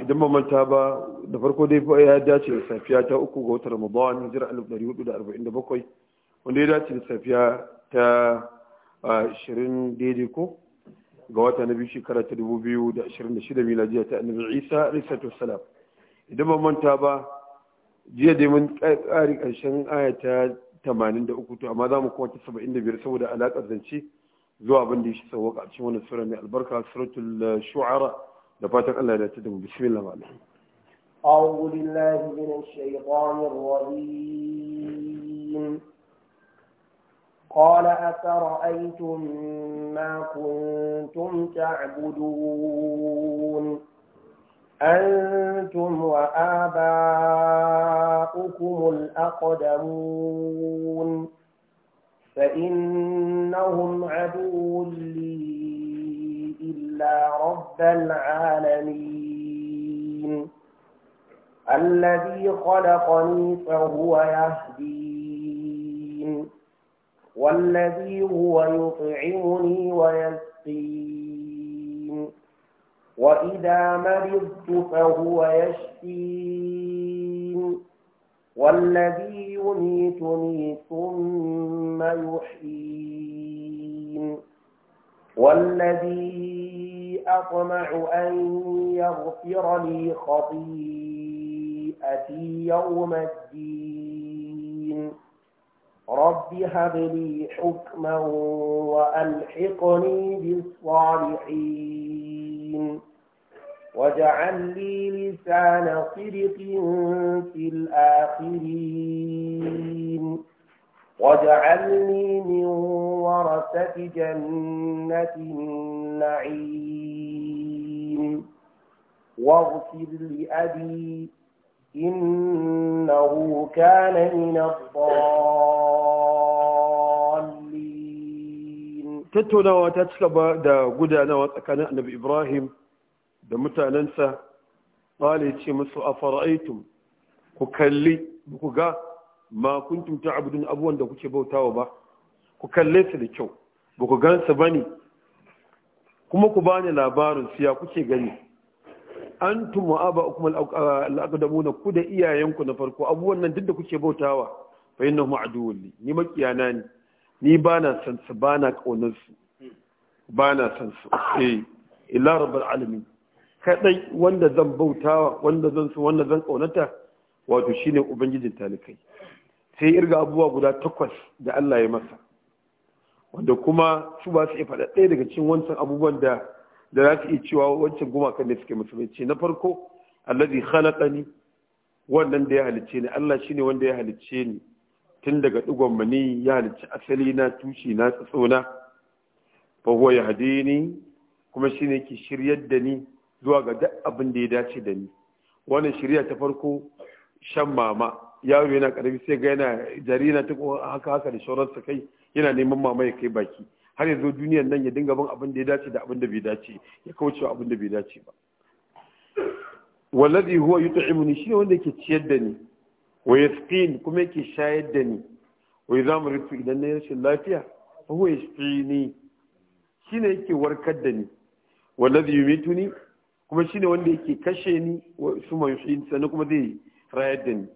idan ba manta ba da farko dai ya dace da safiya ta uku ga watan ramadan hijira 1447 wanda ya dace da safiya ta 20 daidai ko ga wata na biyu shekara ta 2026 miladiya ta annabi isa alisatu salam idan ba manta ba jiya dai mun ƙari karshen aya ta 83 to amma za mu kuma ta 75 saboda alaƙar zance zuwa abin da ya shi sauwaka a cikin wannan sura mai albarka suratul eh, shu'ara دفاتر الله Allah ya tada mu bismillah أعوذ بالله من الشيطان الرجيم قال أفرأيتم ما كنتم تعبدون أنتم وآباؤكم الأقدمون فإنهم عدو لي إلا رب العالمين الذي خلقني فهو يهدين والذي هو يطعمني ويسقين وإذا مرضت فهو يشفين والذي يميتني ثم يحيين والذي أطمع أن يغفر لي خطيئتي يوم الدين رب هب لي حكما وألحقني بالصالحين واجعل لي لسان صدق في الآخرين واجعلني من ورثة جنة النعيم واغفر لأبي إنه كان من الضالين تتونا تتكبى دا قدانا وكان نبي إبراهيم دا متى ننسى قال musu a أفرأيتم ku kalli ma kuntum abudun abuwan da kuke bautawa ba ku kalle su da kyau ba ku gansa ba ne kuma ku bani labarin su ya kuke gani antum wa aba'ukum kuma aqdamuna ku da iyayenku na farko abuwan nan duk da kuke bautawa fa innahum aduwwun li ni makiyana ne ni na san su na kaunar su Ba san su eh illa rabbul alamin kadai wanda zan bautawa wanda zan su wanda zan kaunata wato shine ubangijin talikai sai irga abubuwa guda takwas da Allah ya masa wanda kuma su ba su iya faɗa ɗaya daga cikin wancan abubuwan da da za su iya cewa wancan gumakan da suke musulunci na farko allazi khalaqani wannan da ya halicce ni Allah shine wanda ya halicce ni tun daga digon mani ya halicci asali na tushe na tsatsona fa huwa yahdini kuma shine ke shiryar da ni zuwa ga duk abin da ya dace da ni wannan shirya ta farko shan mama yaro yana karfi sai ga yana jari yana tuko haka haka da shauransa kai yana neman mamaye kai baki har yanzu duniyar nan ya dinga bin abin da ya dace da abin da bai dace ya kauce abin da bai dace ba wallazi huwa yut'imuni shi wanda yake ciyar da ni wa yasqin kuma yake shayar da ni wa idza maritu idan na rashin lafiya fa huwa yasqini shine yake warkar da ni wallazi yumituni kuma shine wanda yake kashe ni wa suma sannan kuma zai rayar da ni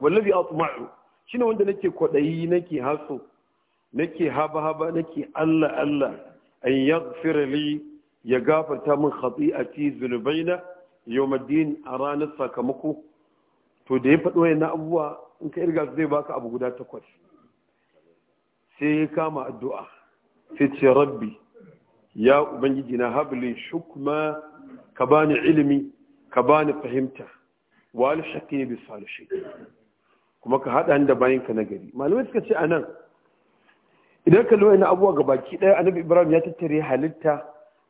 wallazi atma'u shine wanda nake kwadayi nake haso nake haba haba nake Allah Allah an yaghfir li ya gafarta min khati'ati zunubaina yawmiddin a ranar sakamako to da ya fado yana abubuwa in ka irga zai baka abu guda takwas sai ya kama addu'a sai ce rabbi ya ubangiji na habli shukma ka bani ilimi ka bani fahimta wal shakki bi salihin kuma ka haɗa ni da bayan ka nagari. malamai suka ce a nan idan ka lura na abuwa ga baki ɗaya annabi ibrahim ya tattare halitta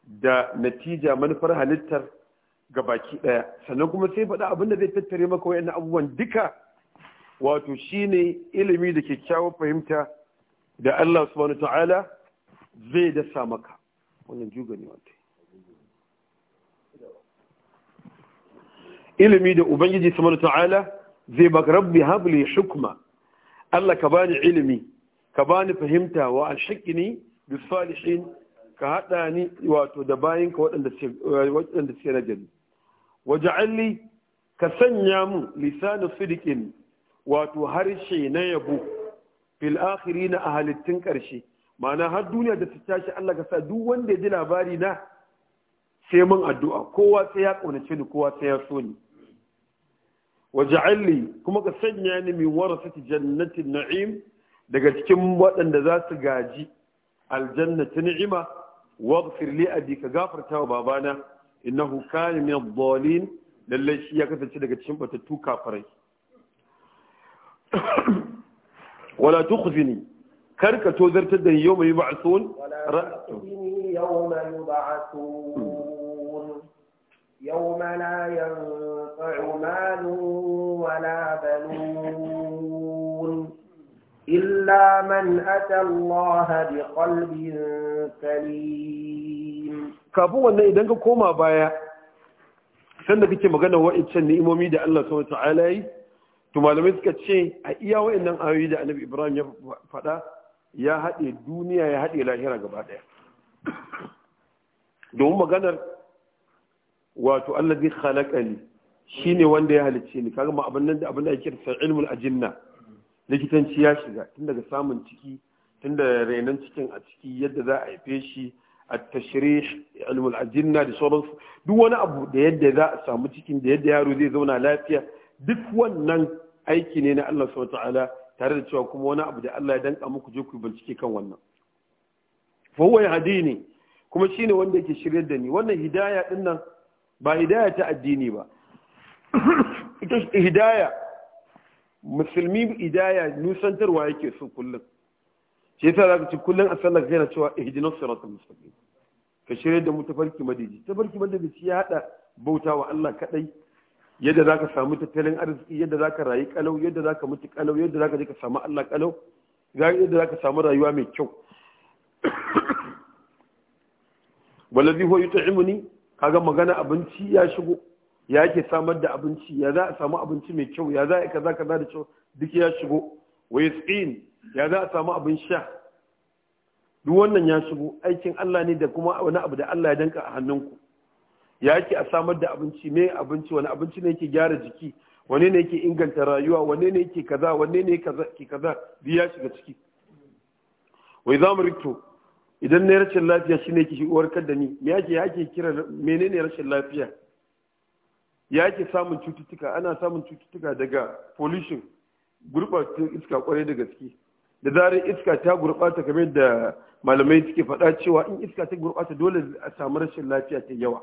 da natija manufar halittar ga baki ɗaya sannan kuma sai faɗa abin da zai tattare maka wa'in abubuwan duka wato shine ilimi da kyakkyawar fahimta da Allah subhanahu ta'ala zai dasa maka wannan juga ne wata ilimi da ubangiji subhanahu ta'ala zai baka rabbi habli hukma Allah ka bani ilimi ka bani fahimta wa ashqini bis salihin ka hada ni wato da bayin ka waɗanda waɗanda suke na waja'alli ka sanya mu lisanu sidiqin wato harshe na yabo fil akhirin a halittun karshe ma'ana har duniya da ta tashi Allah ka sa duk wanda ya ji labari na sai mun addu'a kowa sai ya kaunace ni kowa sai ya so ni waj'alni kuma ka sanya ni min warasati jannatin na'im daga cikin waɗanda za su gaji aljanna ta ni'ima waghfir li abi ka gafarta wa babana innahu kana min ad-dhalin lalle shi ya kasance daga cikin batattu kafirai wala tukhzini kar ka zartar da yau mai ba'asun yawma yub'asun yawma la yanfa'u ينفع مال ولا بنون إلا من أتى الله بقلب سليم kafin wannan idan ka koma baya san da kake magana wa'ancan ni'imomi da Allah subhanahu ta'ala yi to malamai suka ce a iya wa'annan ayoyi da Annabi Ibrahim ya faɗa ya haɗe duniya ya haɗe lahira gaba ɗaya domin maganar wato allazi khalaqani Shi ne wanda ya halicce ni kaga ma abin nan da abin da ake kira ilmul ajinna likitanci ya shiga tun daga samun ciki tun da renon cikin a ciki yadda za a haife shi a tashrih ilmul ajinna da sauransu duk wani abu da yadda za a samu cikin da yadda yaro zai zauna lafiya duk wannan aiki ne na Allah subhanahu ta'ala tare da cewa kuma wani abu da Allah ya danka muku je ku bincike kan wannan fa huwa yahdini kuma shine wanda yake shiryar da ni wannan hidaya din ba hidaya ta addini ba ita hidaya musulmi hidaya nusantarwa yake so kullum shi yasa ka ci kullum a sallar na cewa ihdinas siratal mustaqim ka shirya da mu tafarki madidi tafarki madiji shi ya hada bauta wa Allah kadai yadda za ka samu tattalin arziki yadda za ka rayu kalau yadda za ka mutu kalau yadda za ka je ka samu Allah kalau yadda za ka samu rayuwa mai kyau wallazi huwa yut'imuni kaga magana abinci ya shigo ya ake samar da abinci ya za a samu abinci mai kyau ya za a kaza kaza da kyau duk ya shigo wa yasqin ya za a samu abin sha duk wannan ya shigo aikin Allah ne da kuma wani abu da Allah ya danka a hannunku ya ake a samar da abinci mai abinci wani abinci ne yake gyara jiki wani ne yake inganta rayuwa wani ne yake kaza wani ne ke kaza duk ya shiga ciki wai za mu rikto idan ne rashin lafiya shine ke warkar da ni me yake yake kira menene rashin lafiya ya samun cututtuka ana samun cututtuka daga pollution gurbatun iska kwarai da gaske da zarar iska ta gurɓata kamar da malamai suke faɗa cewa in iska ta gurɓata dole a samu rashin lafiya ta yawa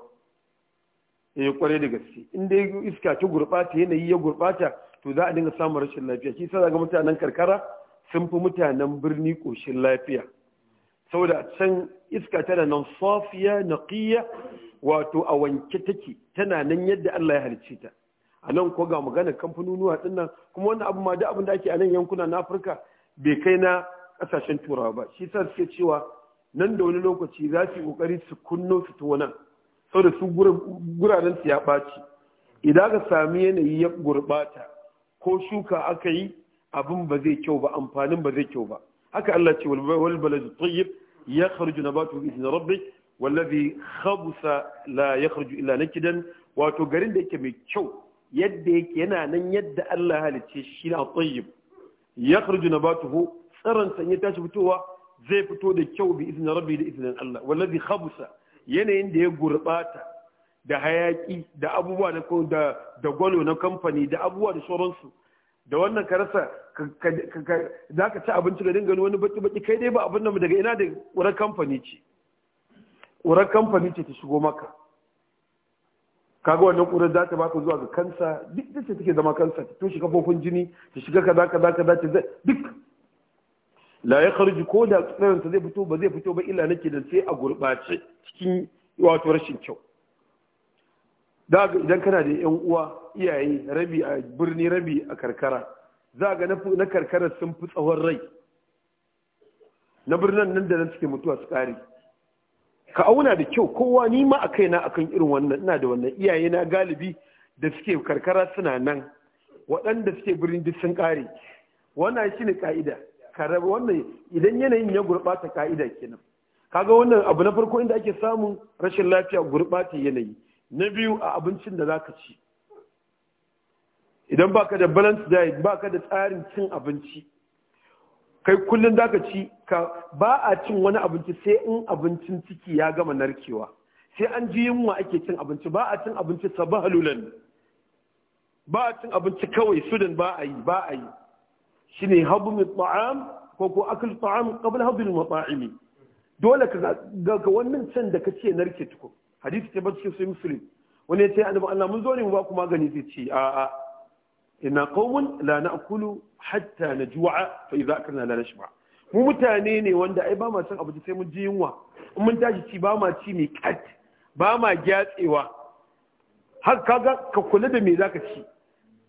ya eh, kwarai da gaske in dai iska ta gurɓata yanayi ya gurbata to za a dinga samun rashin lafiya shi sai ga mutanen karkara sun fi mutanen birni ƙoshin lafiya saboda can iska tana nan safiya naqiya wato a wanke take tana nan yadda Allah ya halicce ta a nan ko ga magana kamfanonuwa din nan kuma wannan abu ma da abin da ake a nan yankuna na Afirka bai kai na kasashen turawa ba shi yasa suke cewa nan da wani lokaci za su yi kokari su kunno tuwo nan saboda su guraren su ya ɓaci idan aka sami yanayi ya gurbata, ko shuka aka yi abin ba zai kyau ba amfanin ba zai kyau ba haka Allah ce wal baladu tayyib ya kharju nabatu bi izni rabbih wallazi khabusa la yakhruju illa nakidan wato garin da yake mai kyau yadda yake yana nan yadda Allah halicce shi na tayyib yakhruju nabatuhu tsaron san ya tashi fitowa zai fito da kyau bi izinin rabbi da izinin Allah wallazi khabusa yanayin da ya gurbata da hayaki da abubuwa na da da gwalo na kamfani da abubuwa da sauransu da wannan ka rasa za ka ci abinci ga dinga wani baki baki kai dai ba abin nan daga ina da wani kamfani ce ƙurar kamfani ce ta shigo maka kaga wannan ƙurar za ta baka zuwa ga kansa duk da ce take zama kansa ta toshe kafofin jini ta shiga kaza kaza kaza ta duk la ya kharji ko da ta zai fito ba zai fito ba illa nake da sai a gurɓace cikin wato rashin kyau da idan kana da yan uwa iyaye rabi a birni rabi a karkara za ga na karkara sun fi tsawon rai na birnin nan da nan suke mutuwa su ƙare ka auna da kyau kowa ni ma a na akan irin wannan ina da wannan iyaye na galibi da suke karkara suna nan waɗanda suke birnin duk sun ƙare wannan shi ne ka'ida karabi wannan idan yanayin ya gurɓata ka'ida kenan kaga wannan abu na farko inda ake samun rashin lafiya gurɓata yanayi na biyu a abincin da zaka ci idan baka da balance diet baka da tsarin cin abinci kai kullum ka ci ka ba a cin wani abinci sai in abincin ciki ya gama narkewa sai an ji yunwa ake cin abinci ba a cin abinci sabahalulan ba a cin abinci kawai sudan ba a yi ba a yi shine habu mai ta'am ko ko akal ta'am kabin habu mai mata'imi dole ka ga wannan can da ka ce narke tuku hadisi ce ba cikin sai musulun wani ya ce annabi Allah mun zo ne mu ba ku magani zai ce a'a inna qaumun la Kulu hatta najua fa idza akalna la ba? mu mutane ne wanda ai ba ma san abu sai mun ji yunwa in mun tashi ci ba ma ci mai kat ba ma gyatsewa har kaga ka kula da me zaka ci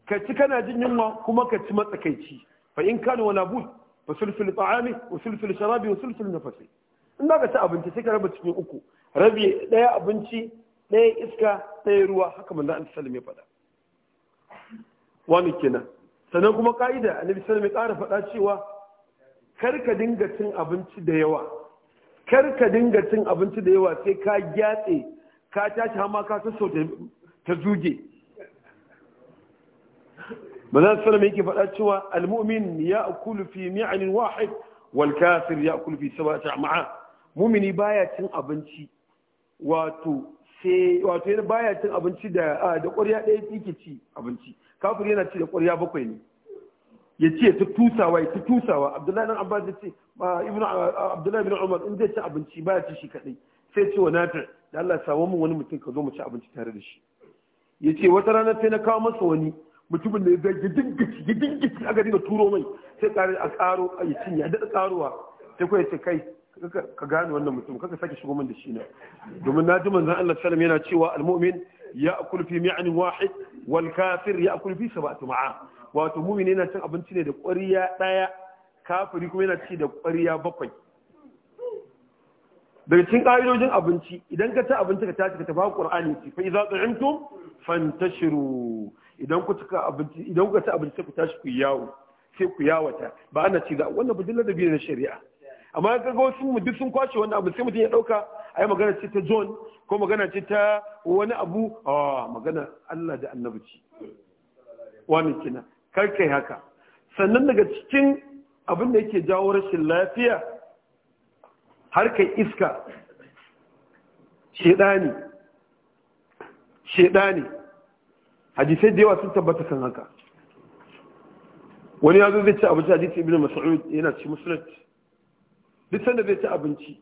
ka ci kana jin yunwa kuma ka ci matsakaici fa in kana wala bud fa sulsul ta'ami wa sulsul sharabi wa sulsul nafasi in ka ci abinci sai ka raba cikin uku rabi daya abinci daya iska daya ruwa haka manzo Allah sallallahu alaihi ya faɗa wani kenan sannan kuma ka'ida annabi sallallahu alaihi wasallam ya ƙara faɗa cewa kar ka dinga cin abinci da yawa kar ka dinga cin abinci da yawa sai ka gyatse ka tashi hama ka sassau ta zuge su sallallahu yake faɗa cewa almu'min ya'kulu fi mi'anin wahid wal kafir ya'kulu fi sab'ati ma'a mu'mini baya cin abinci wato sai wato yana baya cin abinci da ah, da ƙwarya ɗaya yake ci abinci kafir yana ci da ƙwarya bakwai ne ya ce ta tusawa ya tusawa abdullahi ibn abbas ya ce ibnu abdullahi ibn umar in zai ci abinci baya ci shi kadai sai ce wa nafi da Allah ya samu wani mutum ka zo mu ci abinci tare da shi ya ce wata rana sai na kawo masa wani mutumin da ya zai dingici ya dingici aka dinga turo mai sai kare a karo ya cinye ya daɗa karuwa sai kuma ya ce kai ka gane wannan mutum kaka sake shigo min da shi na domin na ji manzon Allah sallallahu alaihi wasallam yana cewa almu'min ya akulu fi mi'anin wahid wal kafir ya akul fi sabatu ma'a wato mumini yana cin abinci ne da ƙwariya ɗaya kafiri kuma yana ci da ƙwariya bakwai daga cikin ƙa'idojin abinci idan ka ta abinci ka tashi ka tafi Qur'ani ci fa idza tu'imtum fantashiru idan ku ci abinci idan ku ta abinci ku tashi ku yawo sai ku yawata ba ana ci da wannan budilla da biyu na shari'a amma ka ga wasu mu duk sun kwace wannan abu sai mutum ya dauka ayi magana ce ta John ko magana ce ta wani abu a ah, magana Allah da Annabi ce wani kina kar kai haka sannan daga cikin abin da yake jawo rashin lafiya har kai iska shedani shedani hadisai da yawa sun tabbata kan haka wani ya zo zai ci abinci hadisi ibn mas'ud yana ci musulunci duk sanda zai ci abinci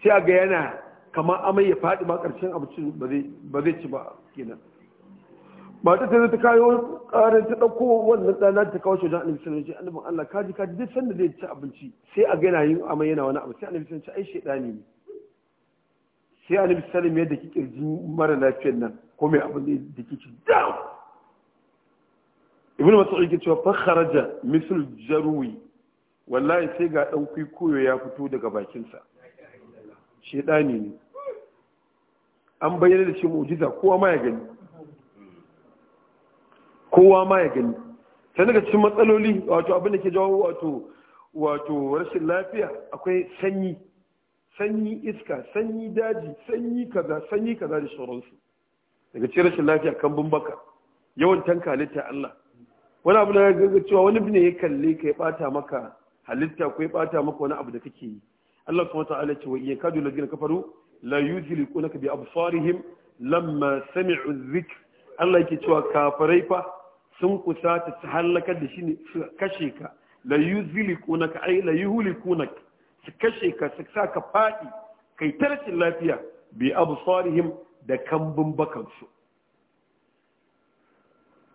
sai a ga yana kamar amai ya faɗi ma ƙarshen abincin ba zai ci ba kenan mata ta ta kayo ƙarin ta ɗauko wannan ɗana ta kawo shaidan annabi sallallahu alaihi wasallam Allah kaji kaji duk sanda zai ci abinci sai a ga yana yin amai yana wani abu sai annabi sallallahu alaihi wasallam ai shaidani ne sai annabi sallallahu alaihi wasallam ya daki kirjin mara lafiyar nan ko mai abin da ya daki ki down ibnu mas'ud yake cewa fa kharaja misl jarwi wallahi sai ga ɗan kwikwiyo ya fito daga bakinsa shaidani ne an bayyana da shi mu'jiza kowa ma ya gani kowa ma ya gani sai daga cikin matsaloli wato abin da ke jawo wato wato rashin lafiya akwai sanyi sanyi iska sanyi daji sanyi kaza sanyi kaza da sauransu daga cikin rashin lafiya kan bumbaka yawan tankalita Allah wani abu na ya cewa wani ne ya kalle ka ya bata maka halitta ko ya bata maka wani abu da kake yi Allah subhanahu wataala ce wa yakadu ka kafaru la yudrikunaka bi absarihim lamma sami'u dhikr Allah yake cewa kafarai fa sun kusa ta halakar da shi ne su kashe ka la yuzlikunaka ay la yuhlikunaka su kashe ka su sa ka fadi kai tarcin lafiya bi absarihim da kambun bakansu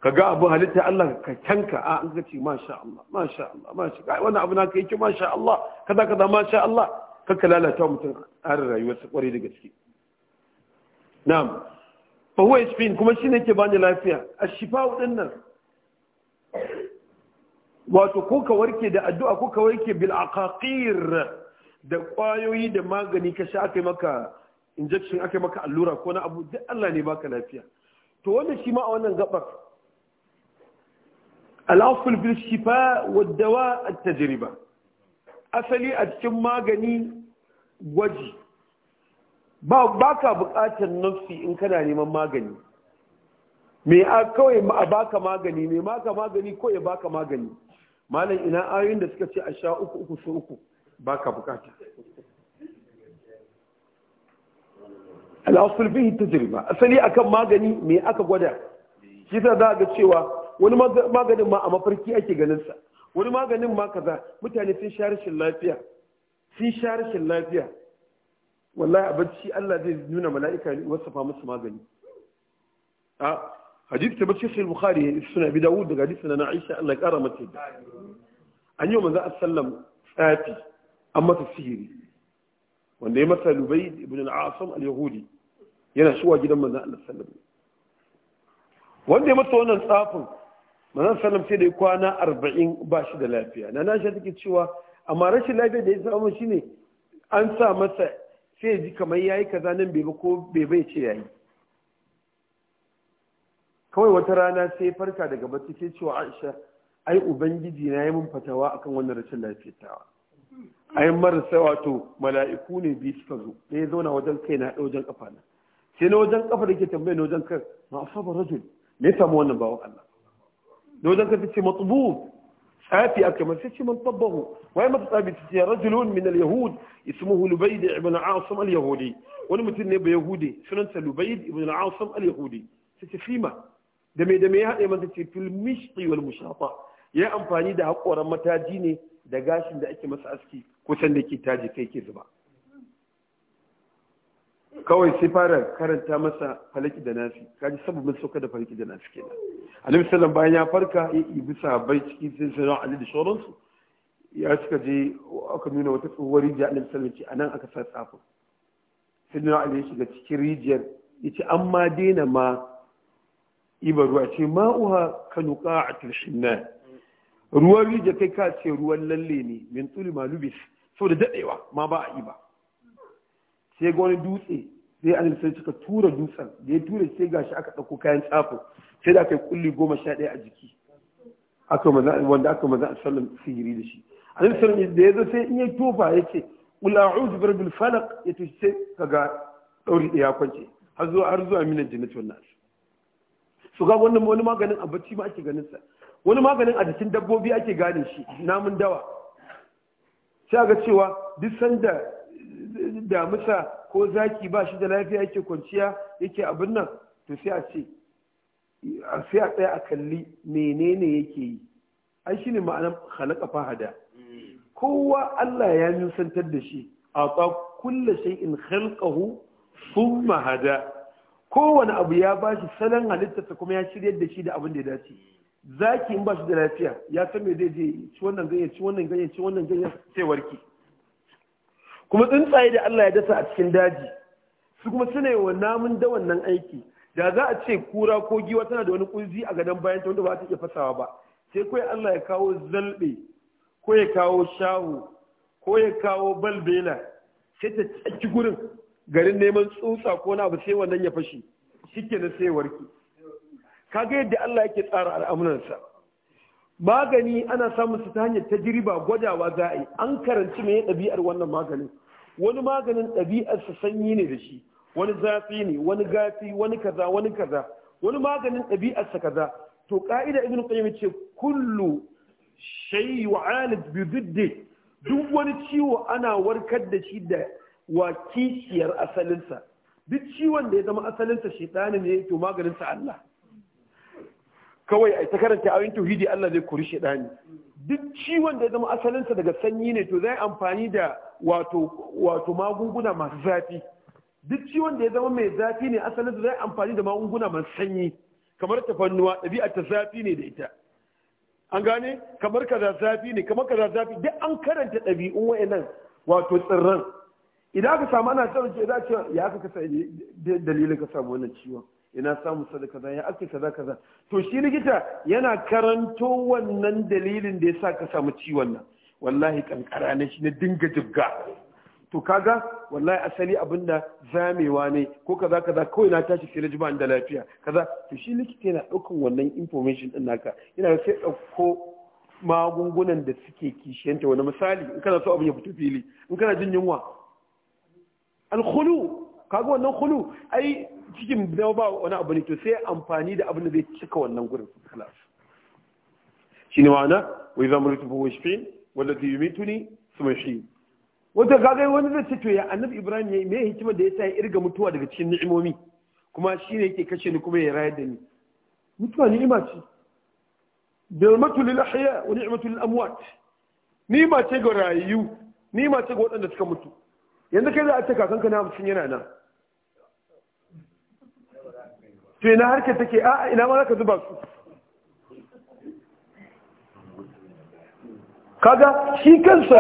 ka ga abu halitta Allah ka canka a an gaci masha Allah masha Allah masha Allah wannan abu na kai ki masha Allah kaza kaza masha Allah kaka lalata mutum tsarin rayuwarsa kwarai da gaske na'am fa huwa yashfin kuma ne ke bani lafiya ashifa din nan wato ko ka warke da addu'a ko ka warke bil aqaqir da kwayoyi da magani ka sha aka maka injection aka maka allura ko na abu duk Allah ne baka lafiya to wannan shi ma a wannan gabar al'asul bil shifa wadda a tajiriba. asali a cikin magani gwaji ba baka buƙatar nafsi in kana neman magani me a kawai a baka magani me maka magani ko ya baka magani malam ina ayoyin da suka ce a sha uku uku su uku baka bukata al'asul bihi tajriba asali akan magani me aka gwada shi za ga cewa wani maganin ma a mafarki ake ganinsa wani maganin ma kaza mutane sun sha rashin lafiya sun sha rashin lafiya wallahi a bacci Allah zai nuna mala'ika ne wasu fa musu magani a hadith ta bacci sai bukhari suna bi dawud daga hadith na aisha Allah ya kara mata da an yi manzo sallam tsafi an masa sihiri wanda ya masa lubai ibn al-asam al-yahudi yana shiwa gidan manzo Allah sallallahu wanda ya masa wannan tsafin manzon sallam sai da kwana arba'in ba shi da lafiya na nasha take cewa amma rashin lafiya da ya samu ne an sa masa sai ji kamar yi kaza nan bai ba ko bai bai ce ya yi kawai wata rana sai farka daga bacci sai cewa Aisha ai ubangiji na yi mun fatawa akan wannan rashin lafiyar tawa ai marasa wato mala'iku ne biyu suka zo da ya zauna wajen kai na wajen ƙafa na sai na wajen ƙafa da ke tambaye na wajen kai ma asaba rajul me ya samu wannan bawan Allah da wajen ka ce matsubu tsafi aka masu ce man tabbahu wai mata tsafi ta ce rajulun min al-yahud ismuhu lubaid ibn al-asim al-yahudi wani mutum ne ba yahudi sunansa lubaid ibn al-asim al-yahudi ta ce fima da me ya haɗe mata ce fil mishqi wal mushafa ya amfani da haƙoran mataji ne da gashin da ake masa aski kusan da ke taji kai ke zuba kawai sai fara karanta masa falaki da nafi kaji mun sauka da falaki da nafi kenan annabi sallallahu bayan ya farka ya ibi sahabbai cikin sai na ali da shoransu ya suka je aka nuna wata tsohuwar rijiya annabi sallallahu ce anan aka sa tsafin sai na ali ya shiga cikin rijiyar ya ce an ma daina ma ibar ruwa ce kanuka a tashin nan ruwan rijiyar kai ka ce ruwan lalle ne min tuli malubis sau da daɗewa ma ba a iba sai ga wani dutse sai an sai suka tura dutsen da ya tura sai gashi aka ɗauko kayan tsafo sai da aka yi kulli goma sha ɗaya a jiki wanda aka maza a sallan sihiri da shi annabi sallan da ya zo sai in ya tofa ya ce qul a'udhu bi Falak, ya tushe sai ga ɗauri ɗaya kwance har zuwa har zuwa minan jannati wannan su ga wannan wani maganin a bacci ma ake ganin sa wani maganin a jikin dabbobi ake gane shi namun dawa sai ga cewa duk sanda damusa ko zaki ba shi da lafiya yake kwanciya yake abin nan to sai a ce sai a tsaya a kalli menene yake yi ai shine ma'anar khalaqa fahada kowa Allah ya nusantar da shi a ba kullu shay'in khalqahu thumma hada kowane abu ya ba shi salon halittarsa kuma ya shiryar da shi da abin da ya dace zaki in ba shi da lafiya ya san me zai je ci wannan ganyen ci wannan ganyen ci wannan ganyen sai warki kuma tsuntsaye da Allah ya dasa a cikin daji su kuma suna yi wa namun da wannan aiki da za a ce kura ko giwa tana da wani kunzi a gadon bayan ta wanda ba ta iya fasawa ba sai kawai Allah ya kawo zalbe ko ya kawo shahu ko ya kawo balbela sai ta tsaki gurin garin neman tsutsa ko na abu sai wannan ya fashi shike na sai warki kaga yadda Allah yake tsara al'amuransa magani ana samun su ta hanyar tajriba gwadawa za a yi an karanci mai ɗabi'ar wannan maganin wani maganin ɗabi'arsa sanyi ne da shi wani zafi ne wani gafi wani kaza wani kaza wani maganin ɗabi'arsa kaza to ka'ida ibn qayyim ce kullu shay yu'alaj bi diddi duk wani ciwo ana warkar da shi da wa kishiyar asalinsa duk ciwon da ya zama asalinsa shaitani ne to maganin Allah kawai a ta karanta ayoyin tauhidi Allah zai kori ɗani duk ciwon da ya zama asalinsa daga sanyi ne to zai amfani da wato wato magunguna masu zafi duk ciwon da ya zama mai zafi ne asalinsa zai amfani da magunguna masu sanyi kamar tafannuwa ɗabi'a ta zafi ne da ita an gane kamar kaza zafi ne kamar kaza zafi duk an karanta ɗabi'un nan wato tsirran idan aka samu ana tsaro ce za a ce ya aka kasa dalilin ka samu wannan ciwon ina samu sada kaza ya aka kaza kaza to shi likita yana karanto wannan dalilin da ya sa ka samu ciwon nan wallahi kankara ne shi na dinga jibga to kaga wallahi asali abinda zamewa ne ko kaza kaza kawai na tashi sai na ji da lafiya kaza to shi likita yana ɗaukan wannan information din naka yana sai dauko magungunan da suke kishiyanta wani misali in kana so abin ya fito fili in kana jin yunwa al al-khulu kaga wannan khulu ai cikin da ba wani abu ne to sai amfani da abin da zai cika wannan gurin khalas shine ma'ana wa idza maritu fa washfin wallazi yumituni thumma shi wata gagai wani zai ce to ya annabi ibrahim yi mai hikimar da ya sa ya irga mutuwa daga cikin ni'imomi kuma shi ne yake kashe ni kuma ya rayar da ni mutuwa ni'ima ce dalmatu lil ahya wa ni'matu lil amwat ni'ima ce ga rayu ni'ima ce ga waɗanda suka mutu yanzu kai za a ce kakanka na hamsin yana nan to yana harkar take a ina ma zaka zuba su kaga shi kansa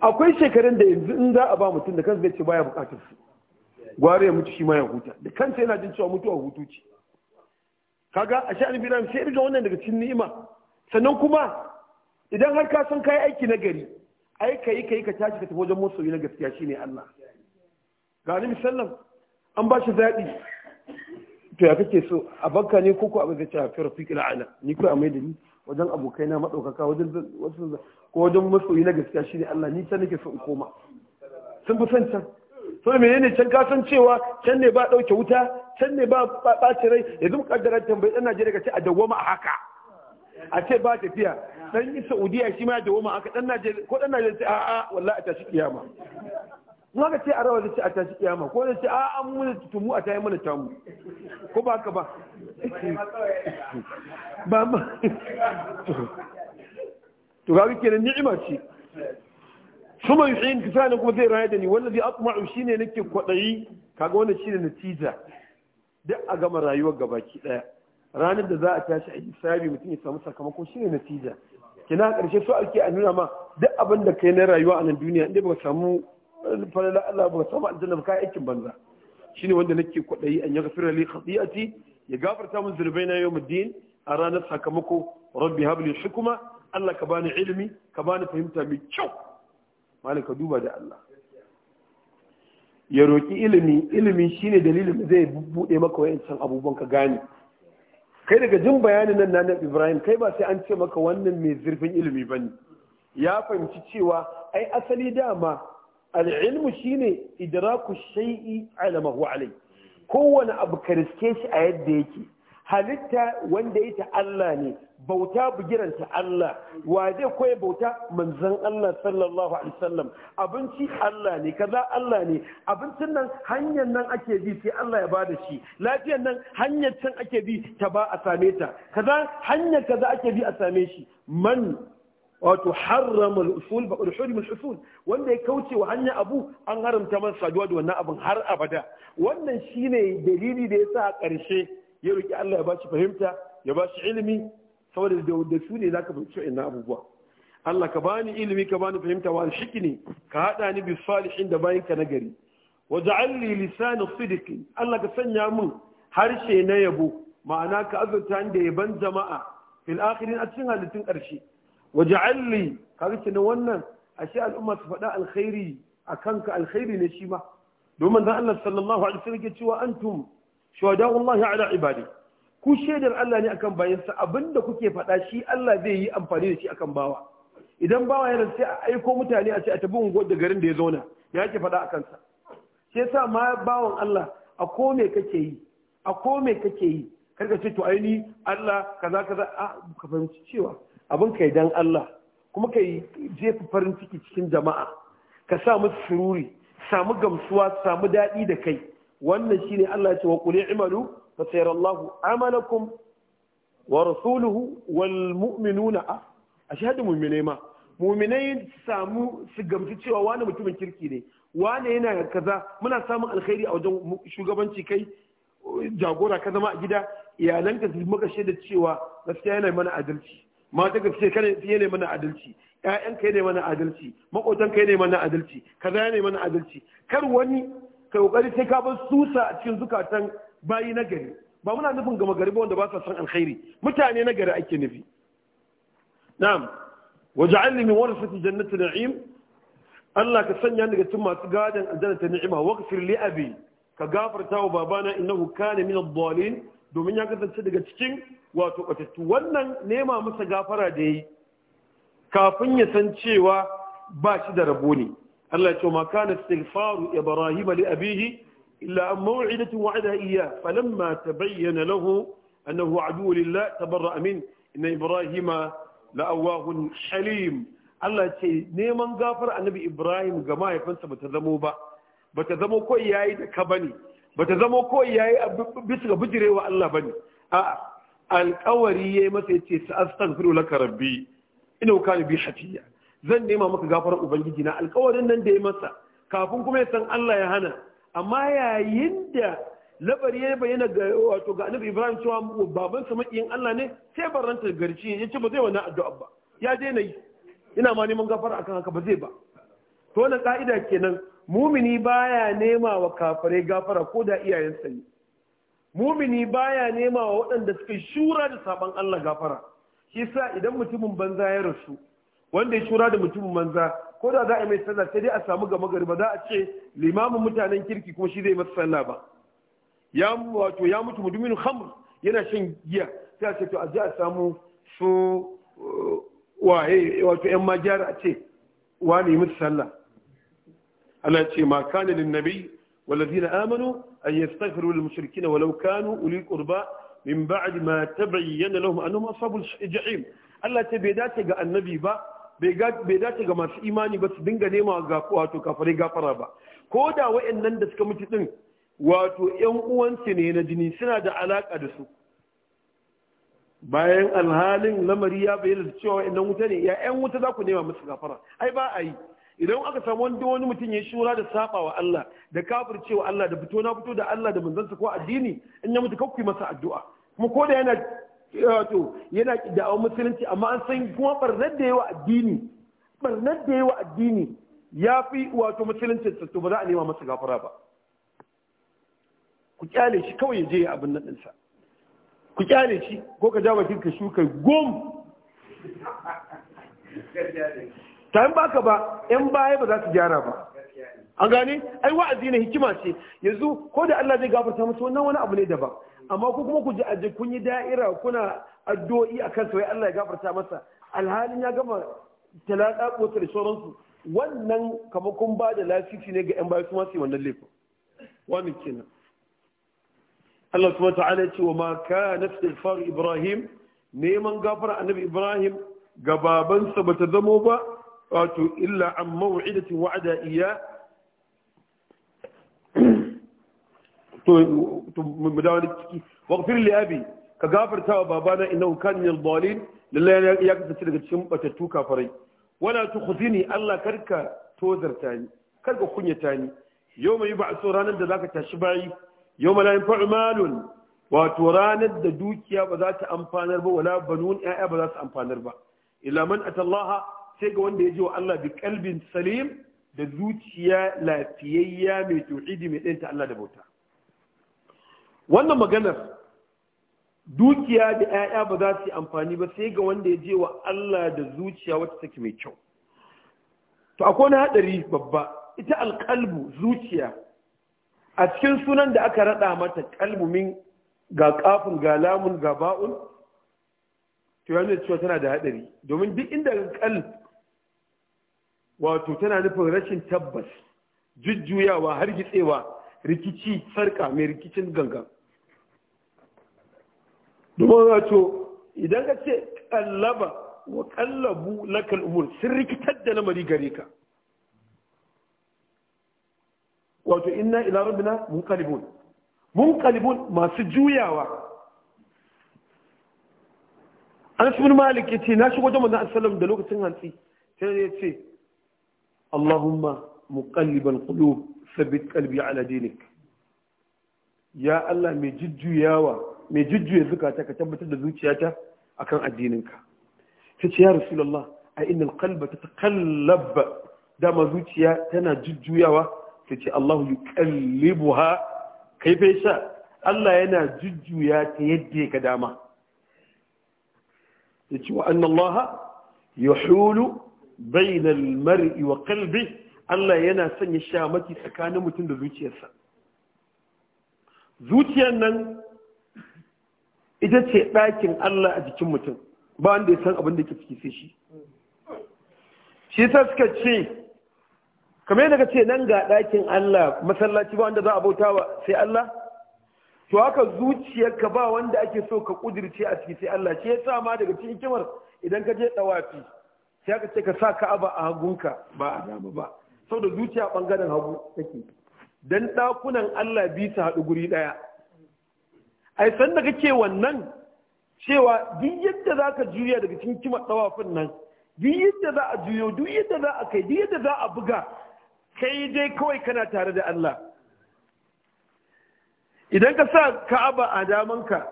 akwai shekarun da yanzu in za a ba mutum da kansa zai ce baya bukatar su Gwari ya mutu shi ma ya huta da kansa yana jin cewa mutuwa hutu ce kaga a sha'anin bilam sai irin wannan daga cikin ni'ima sannan kuma idan har ka san kai aiki na gari ai ka yi ka tashi ka tafi wajen masoyi na gaskiya shine Allah ga ni sallam an ba shi zaɓi to ya kake so a bakka ne koko abin zai ce a rafi fi ana ni kai a mai da ni wajen abokai na maɗaukaka wajen wasu ko wajen masoyi na gaskiya shine Allah ni can nake so in koma sun fi san can so menene can ka san cewa can ne ba ɗauke wuta can ne ba ɓaci rai yanzu kaddarar tambayi ɗan Najeriya ka ce a dawwama a haka a ce ba tafiya dan Saudiya shi ma ya dawwama haka Najeriya ko ɗan Najeriya ce a'a wallahi a tashi kiyama in haka ce a rawa zai ce a tashi kiyama ko zai ce a an muna tumu a tayi mana tamu ko ba ka ba ba ma to ga wike ne ni'ima ce kuma yuhin kusa kuma zai rayar da ni wannan zai atma'u shine nake kwadayi kaga wannan shine natija duk a gama rayuwar gabaki daya ranar da za a tashi a hisabi mutum ya samu sakamako shine natija kina karshe so ake a nuna ma duk abin da kai na rayuwa a nan duniya inda ba samu falala Allah ba sama aljanna ba kai aikin banza shine wanda nake kwadayi an yaghfira li khati'ati ya gafarta min zulbaina yawmiddin a ranar sakamako rabbi habli hukuma Allah ka bani ilimi ka bani fahimta mai kyau malam ka duba da Allah ya roki ilimi ilimi shine dalilin zai bude maka wayancan abubuwan ka gane kai daga jin bayanin nan na Ibrahim kai ba sai an ce maka wannan mai zurfin ilimi bane ya fahimci cewa ai asali dama al'ilmu shine idraku shay'i ala ma huwa alai kowane abu kariske shi a yadda yake halitta wanda ya Allah ne bauta bugiranta Allah wa zai koya bauta manzan Allah sallallahu alaihi wasallam abinci Allah ne kaza Allah ne abincin nan hanyar nan ake bi sai Allah ya bada shi lafiyar nan hanyar can ake bi ta ba a same ta kaza hanyar kaza ake bi a same shi man wato harrama usul ba al-hurum usul wanda ya kauce wa hanyar abu an haramta masa saduwa da wannan abin har abada wannan shine dalili da yasa a ƙarshe ya roki Allah ya ba shi fahimta ya ba shi ilimi saboda da su ne zaka fahimci wannan abubuwa Allah ka bani ilimi ka bani fahimta wa shikini ka hada ni bi salihin da bayan ka nagari wa ja'alli lisan sidqi Allah ka sanya min harshe na yabo ma'ana ka azurta ni da yaban jama'a fil akhirin a cikin halittun ƙarshe waj'alli kaga na wannan ashe al'umma su faɗa alkhairi akan ka alkhairi ne shi ma domin dan Allah sallallahu alaihi wasallam ke cewa antum shuhada'ullahi ala ibadi ku shaidar Allah ne akan bayansa abinda kuke faɗa shi Allah zai yi amfani da shi akan bawa idan bawa yana sai a aiko mutane a ce a tabi unguwar da garin da ya zauna ya yake faɗa a kansa sai sa ma bawan Allah a ko me kake yi a ko me kake yi karka ce to aini Allah kaza kaza a ka fahimci cewa abin kai dan Allah kuma kai jefa farin ciki cikin jama'a ka sa musu sururi samu gamsuwa samu daɗi da kai wannan shine Allah ya ce wa qul i'malu fa sayarallahu amalakum wa rasuluhu wal mu'minuna ashhadu mu'minai ma mu'minai samu su gamsu cewa wani mutumin kirki ne wani yana kaza muna samun alkhairi a wajen shugabanci kai jagora ka zama a gida iyalanka su maka shaida cewa gaskiya yana mana adalci mata ka ce ne mana adalci ƴaƴan kai ne mana adalci makotan kai ne mana adalci kaza ne mana adalci kar wani ka kokari sai ka bar susa a cikin zukatan bayi na gari ba muna nufin gama gari ba wanda ba sa alkhairi mutane na gari ake nufi na'am waj'alni min warasati jannati na'im Allah ka sanya ni ga cikin masu gadin aljanna ta ni'ima waghfir li abi ka gafarta wa babana innahu kana min ad-dhalin domin ya kasance daga cikin wato batatu wannan nema masa gafara da yi kafin ya san cewa ba shi da rabo ne Allah ya ce ma kana istighfaru ibrahim li abihi illa an maw'idatin wa'ada ma ta bayyana lahu annahu adu lillah tabarra min inna ibrahima la'awahun halim Allah ce neman gafar annabi ibrahim ga mahaifinsa bata zamo ba ta zamo ko yayi da ka bane bata zamo ko yayi bisa ga bijirewa Allah bane a'a alƙawari ya yi masa ya ce sa'astaghfiru laka rabbi ina kana bi hafiya zan nema maka gafarar ubangiji na alƙawarin nan da ya masa kafin kuma ya san Allah ya hana amma yayin da labari ya bayyana ga wato ga annabi Ibrahim cewa baban sa makiyin Allah ne sai barantar garci ya ce ba zai wannan addu'a ba ya je na yi ina ma neman gafara akan haka ba zai ba to wannan ka'ida kenan mumini baya nema wa kafare gafara ko da iyayensa ne mumini baya nema wa waɗanda suka shura da saban Allah gafara shi sa idan mutumin banza ya rasu wanda ya shura da mutumin banza ko da za a mai sallah sai dai a samu gama gari ba za a ce limamin mutanen kirki kuma shi zai masa sallah ba ya wato ya mutu mutumin khamr yana shan giya sai a ce to a je a samu su uh, waye wato yan majiyar a ce wa ne musu sallah Allah ce ma kana lin nabi amanu. أن يستغفروا للمشركين ولو كانوا أولي قربى من بعد ما تبين لهم أنهم أصحاب الجحيم Allah ta bai dace ga annabi ba bai dace ga masu imani ba su dinga nema ga wato kafare gafara ba ko da waɗannan da suka mutu din wato 'yan uwansu ne na jini suna da alaka da su bayan alhalin lamari ya bayyana cewa waɗannan wuta ne ya yan wuta za ku nema musu gafara ai ba a yi idan aka samu wanda wani mutum ya shura da saba wa Allah da kafircewa Allah da fito na fito da Allah da manzansa ko addini in ya mutu kakku masa addu'a kuma ko da yana wato yana da'awar musulunci amma an san kuma barnar da yawa addini barnar da yawa addini ya fi wato musulunci to ba za a nema masa gafara ba ku kyale shi kawai ya je abin nan ku kyale shi ko ka ja bakin ka shuka gom ta yin baka ba yan baya ba za su gyara ba an gane ai wa'azi ne hikima ce yanzu ko da Allah zai gafarta musu wannan wani abu ne daban amma ku kuma ku ji aje kun yi da'ira kuna addu'o'i akan sai Allah ya gafarta masa alhalin ya gama talaka ko da sauransu wannan kamar kun ba da lafifi ne ga yan baya kuma su yi wannan laifin wannan kenan Allah subhanahu ta'ala ya ce wa ma kana istighfar Ibrahim neman gafara annabi Ibrahim ga babansa bata zamo ba wato illa an mawu'idati wa'ada iya to mu dawo da ciki waghfir li abi ka gafarta wa babana innahu kana min dhalin lallai ya kasance daga cikin batattu kafarai wala tukhzini Allah karka tozarta ni karka kunyata ni yau mai ba so ranar da zaka tashi bayi yau la yanfa'u malun wato ranar da dukiya ba za ta amfanar ba wala banun ya'ya ba za su amfanar ba illa man atallaha sai ga wanda ya ji wa Allah bi kalbin salim da zuciya lafiyayya mai tauhidi mai ɗanta Allah da bauta wannan maganar dukiya da 'ya'ya ba za su yi amfani ba sai ga wanda ya je wa Allah da zuciya wacce take mai kyau to akwai wani haɗari babba ita alƙalbu zuciya a cikin sunan da aka raɗa mata min ga kafin ga lamun ga ba'un to yana cewa tana da haɗari domin duk inda kal wato tana nufin rashin tabbas jujjuyawa har gitsewa rikici sarka mai rikicin gangan domin wato idan ka ce kallaba wa kallabu na umur sun rikitar da lamari gare ka wato inna mun kalibun mun kalibun masu juyawa Anas bin Malik ce na shigo da manzon sallallahu da lokacin hantsi sai ya ce اللهم مقلب القلوب ثبت قلبي على دينك يا الله مي ججياوا مي ججيه زكاتا كتبتر da zuciyata akan addininka tace ya rasulullah a ina qalba tataqallab dama zuciya tana jujjuyawa tace Allah yuqallibuha kaifa yasha Allah yana jujjuya ta yadda ka dama yace wa anna Allah yahulu bainal mar'i wa qalbi Allah yana sanya shamati tsakanin mutum da zuciyarsa zuciyar nan ita ce ɗakin Allah a jikin mutum ba wanda ya san abin da yake ciki sai shi shi ta suka ce kamar yadda kace nan ga ɗakin Allah masallaci ba wanda za a bauta wa sai Allah to haka zuciyarka ba wanda ake so ka kudirce a ciki sai Allah shi yasa ma daga cikin kimar idan ka je dawafi sai aka ce ka sa aba a hagunka ba a dama ba saboda zuciya bangaren hagu take dan dakunan Allah bi su haɗu guri ɗaya ai san da kake wannan cewa duk yadda za ka juya daga cikin kimar ɗawafin nan duk yadda za a juyo duk yadda za a kai duk yadda za a buga kai dai kawai kana tare da Allah idan ka sa ka'aba a damanka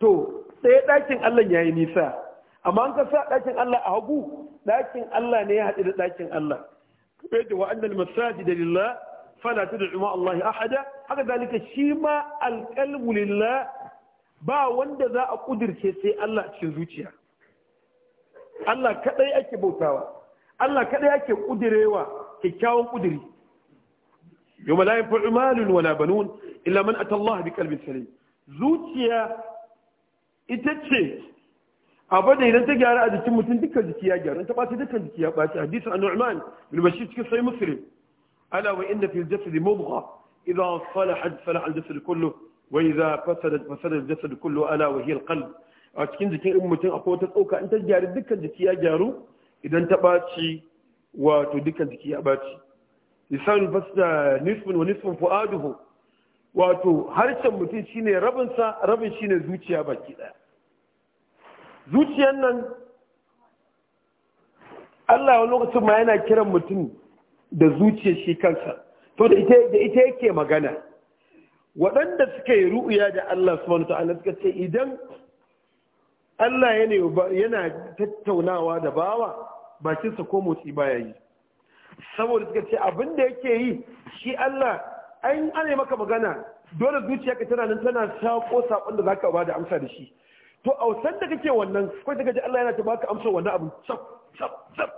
to ɗaya ɗakin Allah ya yi nisa amma an ka sa ɗakin Allah a hagu ɗakin Allah ne ya haɗu da ɗakin Allah kamar da wa'annan masajid da lillah fala ta ma Allah ahada haka zalika shi ma alƙalmu lillah ba wanda za a kudirce sai Allah cikin zuciya Allah kadai ake bautawa Allah kadai ake kudirewa kyakkyawan kudiri yawma la yanfa'u malun wala banun illa man ata Allah bi qalbin salim zuciya ita ce abu da idan ta gyara a jikin mutum duka jiki ya gyara ta ɓaci dukkan jiki ya ɓaci hadisi an nu'man bil bashir cikin sai musulun ala wa inna fil jasadi mubgha idha salahat salaha al jasad kullu wa idha fasadat fasada al jasad kullu ala wa hiya al qalb a cikin jikin in mutum akwai wata tsoka in ta gyara dukkan jiki ya gyaru idan ta ɓaci wato duka jiki ya ɓaci lisanul fasda nisfun wa nisfun fu'aduhu wato harshen mutum shine rabinsa rabin shine zuciya baki daya zuciyar nan Allah wani lokacin ma yana kiran mutum da zuciyar shi kansa to da ita yake magana waɗanda suka yi ru'uya da Allah subhanahu ta'ala suka ce idan Allah yana tattaunawa da bawa bakinsa ko motsi ya yi saboda suka ce abin da yake yi shi Allah an ana maka magana dole zuciya ka tana nan tana sako sakon da zaka ba da amsa da shi to a san da kake wannan kai daga ji Allah yana ta baka amsa wannan abu sab sab sab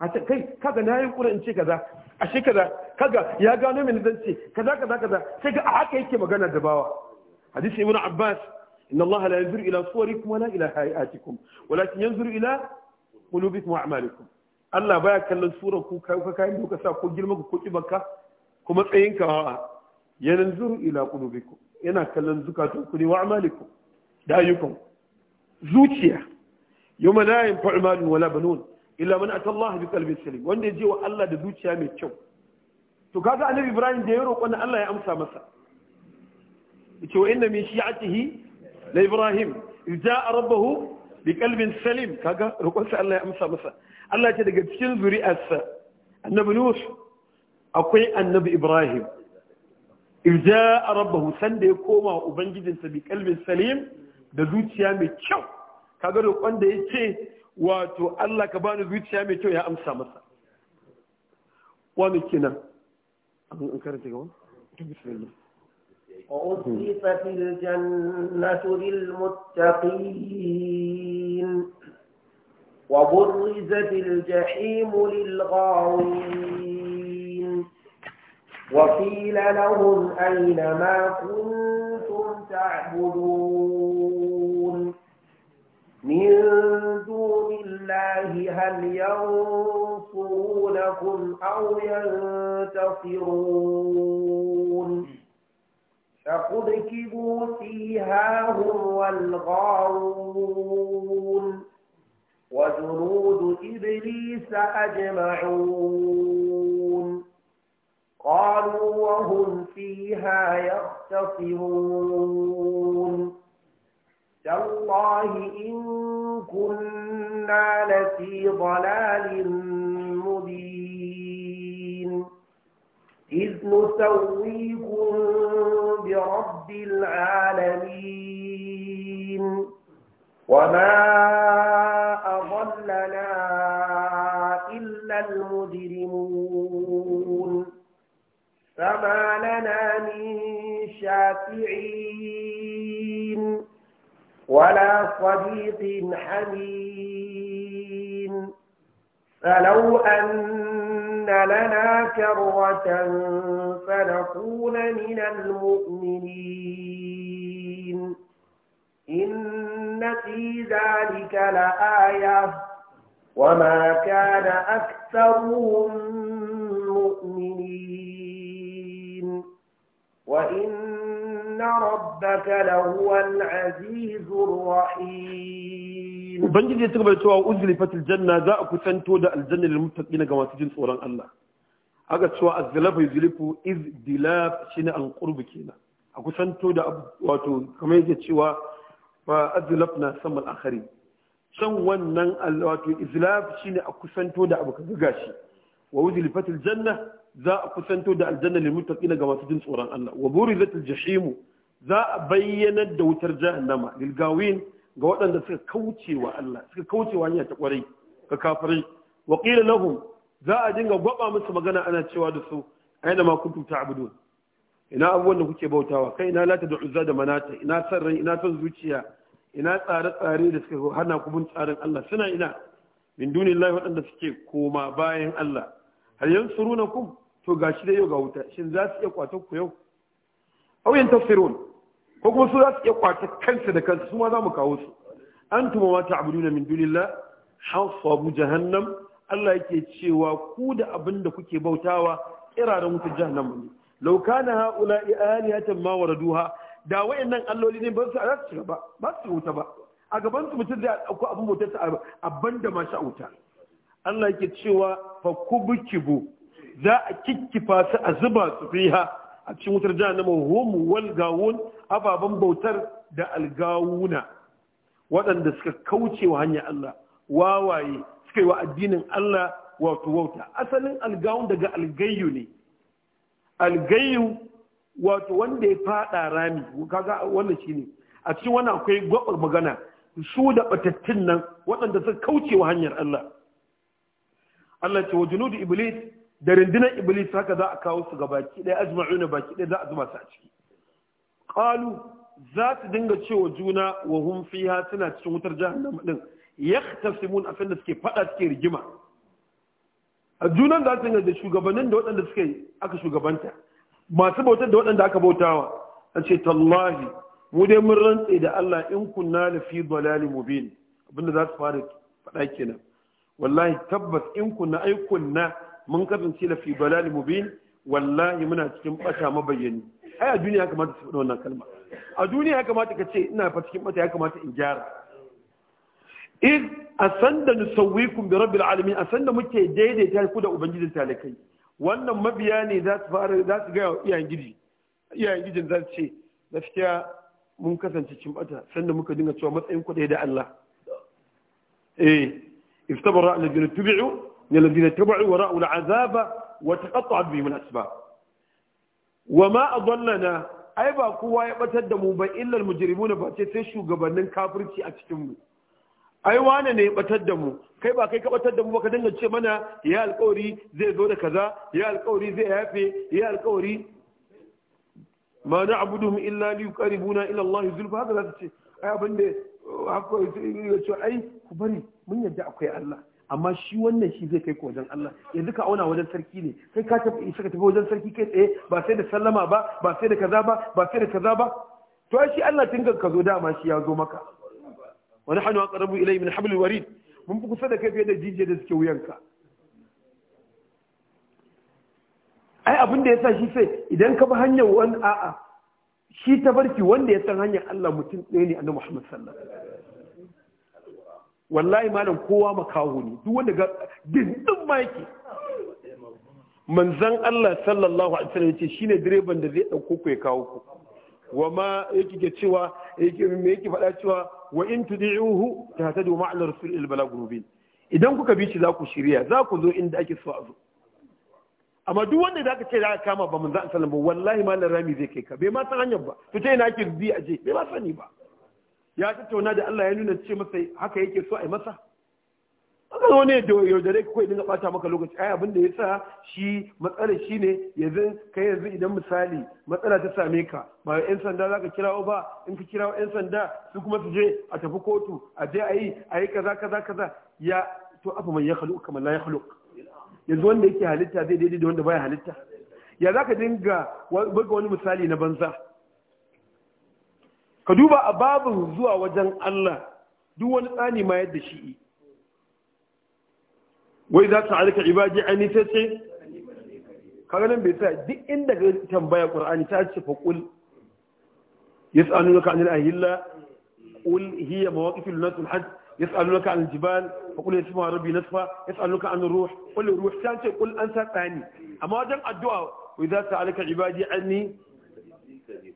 hata kai kaga na yi kura in ce kaza ashe kaza kaga ya gano mini zan ce kaza kaza kaza sai ga a haka yake magana da bawa hadisi Ibn abbas inna allaha la yanzuru ila suwarikum wala ila hayatikum walakin yanzuru ila qulubikum wa a'malikum Allah baya kallon surar ku kai ka kayan ka sa ko girma ko kibanka kuma tsayinka a'a yanzuru ila qulubikum yana kallon zukatun ku ne wa a'malikum da ayyukan zuciya yau ma layin fa'ilmalin wala banon illa mana ata Allah bi kalbin salim wanda ya je wa Allah da zuciya mai kyau to kaga annabi Ibrahim da ya roƙo na Allah ya amsa masa yace wa inna min shi'atihi la Ibrahim ja'a rabbahu bi kalbin salim kaga roƙon sa Allah ya amsa masa Allah ya ce daga cikin zuri'arsa annabi Nuh akwai annabi Ibrahim irja rabbahu sanda ya koma ubangijinsa bi kalbin salim da zuciya mai kyau kaga roƙon da ya ce wato Allah ka bani zuciya mai kyau ya amsa masa wani kenan abin an karanta gawa bismillah وأزلفت الجنة للمتقين وبرزت الجحيم للغاوين وقيل لهم أين ما كنتم تعبدون من دون الله هل ينصرونكم أو ينتصرون فقد كبوا فيها هم والغاوون وجنود إبليس أجمعون قالوا وهم فيها يختصمون تالله إن كنا لفي ضلال مبين إذ نسويكم برب العالمين وما أضلنا إلا المجرمون فما لنا من شافعين ولا صديق حميم فلو أن لنا كرة فنكون من المؤمنين إن في ذلك لآية وما كان أكثرهم مؤمنين وإن ربك لهو العزيز الرحيم ubangiji ya cigaba da cewa uzlifatil janna za a kusanto da aljanna lil muttaqina masu jin tsoron Allah aka cewa azlafa yuzlifu izdilaf shine alqurb kenan a kusanto da wato kamar cewa san wannan wato izlaf shine a kusanto da abu kaga gashi wa uzlifatil janna za a kusanto da aljanna lil muttaqina ga masu jin tsoron Allah wa burizatil jahimu za a bayyanar da wutar jahannama lilgawin ga waɗanda suka kaucewa Allah suka kaucewa hanya ta kwarai ka kafirai wa qila lahum za a dinga gwaba musu magana ana cewa da su aina ma kuntum ta'budun ina abubuwan da kuke bautawa kai ina lata da uzza da manata ina san rai ina san zuciya ina tsare tsare da suka hana ku bin tsarin Allah suna ina min dunillahi waɗanda suke koma bayan Allah hal yansurunakum to gashi da yau ga wuta shin za su iya kwato ku yau aw yantafirun ko kuma su za su iya kwata kansu da kansu su ma za mu kawo su an tuma ma ta'buduna min dunillah hasabu jahannam Allah yake cewa ku da abin da kuke bautawa iraran wutar jahannam ne law kana haula alihatan ma waraduha da wayannan alloli ne ba su a za su ba ba su wuta ba a gaban su mutum zai ɗauko abin bautar sa a banda ma sha wuta Allah yake cewa fa kubkibu za a kikkifa su a zuba su fiha a cikin wutar jahannama hum wal gawun ababen bautar da algawuna waɗanda suka kauce wa hanyar Allah wawaye suka yi wa addinin Allah wato wauta asalin algawun daga algayyu ne algayyu wato wanda ya fada rami kaga wannan shine a cikin wannan akwai gwabar magana su da batattun nan waɗanda suka kauce wa hanyar Allah Allah ce wa junudu iblis da rundunar iblis haka za a kawo su ga baki ɗaya ajma'una baki ɗaya za a zuma su a ciki Kalu za su dinga cewa juna wa hum suna cikin wutar jahannama din yahtasimun a da suke fada suke rigima a junan za su dinga da shugabannin da waɗanda suke aka shugabanta masu bautar da waɗanda aka bautawa a ce tallahi mu dai mun rantse da Allah in kunna la fi dalali mubin abinda za su fara faɗa kenan wallahi tabbas in kunna ai kunna mun kasance da fibalali mubin wallahi muna cikin bata mabayyani ai a duniya ya kamata su faɗi wannan kalma a duniya ya kamata ka ce ina fa cikin bata ya kamata in gyara iz asanda nusawwikum bi rabbil alamin asanda muke daidaita ku da ubangijin talakai wannan mabiya ne za su fara za su ga iyayen gidi iyayen gidin za su ce gaskiya mun kasance cikin bata sanda muka dinga cewa matsayin ku da Allah eh istabara alladhina tubi'u للذين اتبعوا وراءوا العذاب وتقطعت بهم الأسباب وما أضلنا أي باقوا يبتدموا بإلا المجرمون فاتسيشوا قبلنا كافرتي أكتموا ai wane ne batar da mu kai ba kai ka batar da mu ba ka dinga ce mana ya alƙawari zai zo da kaza ya alƙawari zai yafe ya alƙawari ma na mu illa li yuqaribuna ila Allah zulfa haka za ta ce ai abinda da haka ya ce ai ku bari mun yadda akwai Allah amma shi wannan shi zai kai ka wajen Allah yanzu ka auna wajen sarki ne kai ka tafi ka tafi wajen sarki kai tsaye ba sai da sallama ba ba sai da kaza ba ba sai da kaza ba to shi Allah tun ka zo ma shi ya zo maka wa nahnu aqrabu ilayhi min hablil warid mun fi kusa da kai fiye da jijiyar da suke wuyanka ai abin da yasa shi sai idan ka bi hanyar wani a'a shi tabarki wanda ya san hanyar Allah mutum ɗaya ne annabi Muhammad sallallahu alaihi wasallam wallahi malam kowa makaho ne duk wanda ga gindin ma yake manzan Allah sallallahu alaihi wasallam yace shine direban da zai dauko ku ya kawo ku wa ma yake cewa yake me yake faɗa cewa wa in tudi'uhu tahtadu ma'al rasulil balaghrubin idan kuka bi shi za ku shirya za ku zo inda ake so a zo amma duk wanda da ce za ka kama ba manzan sallallahu alaihi wasallam wallahi malam rami zai kai ka bai ma san hanyar ba to ta ina ake bi a je bai ma sani ba ya tattauna da Allah ya nuna ce masa haka yake so a yi masa haka wani yaudare kawai dinga ka bata maka lokaci ai abin da ya sa shi matsalar shi ne yanzu kai yanzu idan misali matsala ta same ka ba yan sanda za ka kirawo ba in ka kirawo yan sanda su kuma su je a tafi kotu a je a yi a yi kaza kaza kaza ya to abu man ya khaluq kamar ya khaluq yanzu wanda yake halitta zai daidai da wanda baya halitta ya za ka dinga buga wani misali na banza ka duba a babin zuwa wajen Allah duk wani tsani ma yadda shi wai za ta alika ibaji ani ta ce kaga nan bai sa duk inda ka tambaya ƙur'ani ta ce fa qul yas'alunaka anil ahilla qul hiya mawaqitul nas al hajj yas'alunaka anil jibal fa qul yasma rabbi nasfa yas'alunaka anir ruh qul ruh ta ce qul an sa tsani amma wajen addu'a wai za ta alika ibaji anni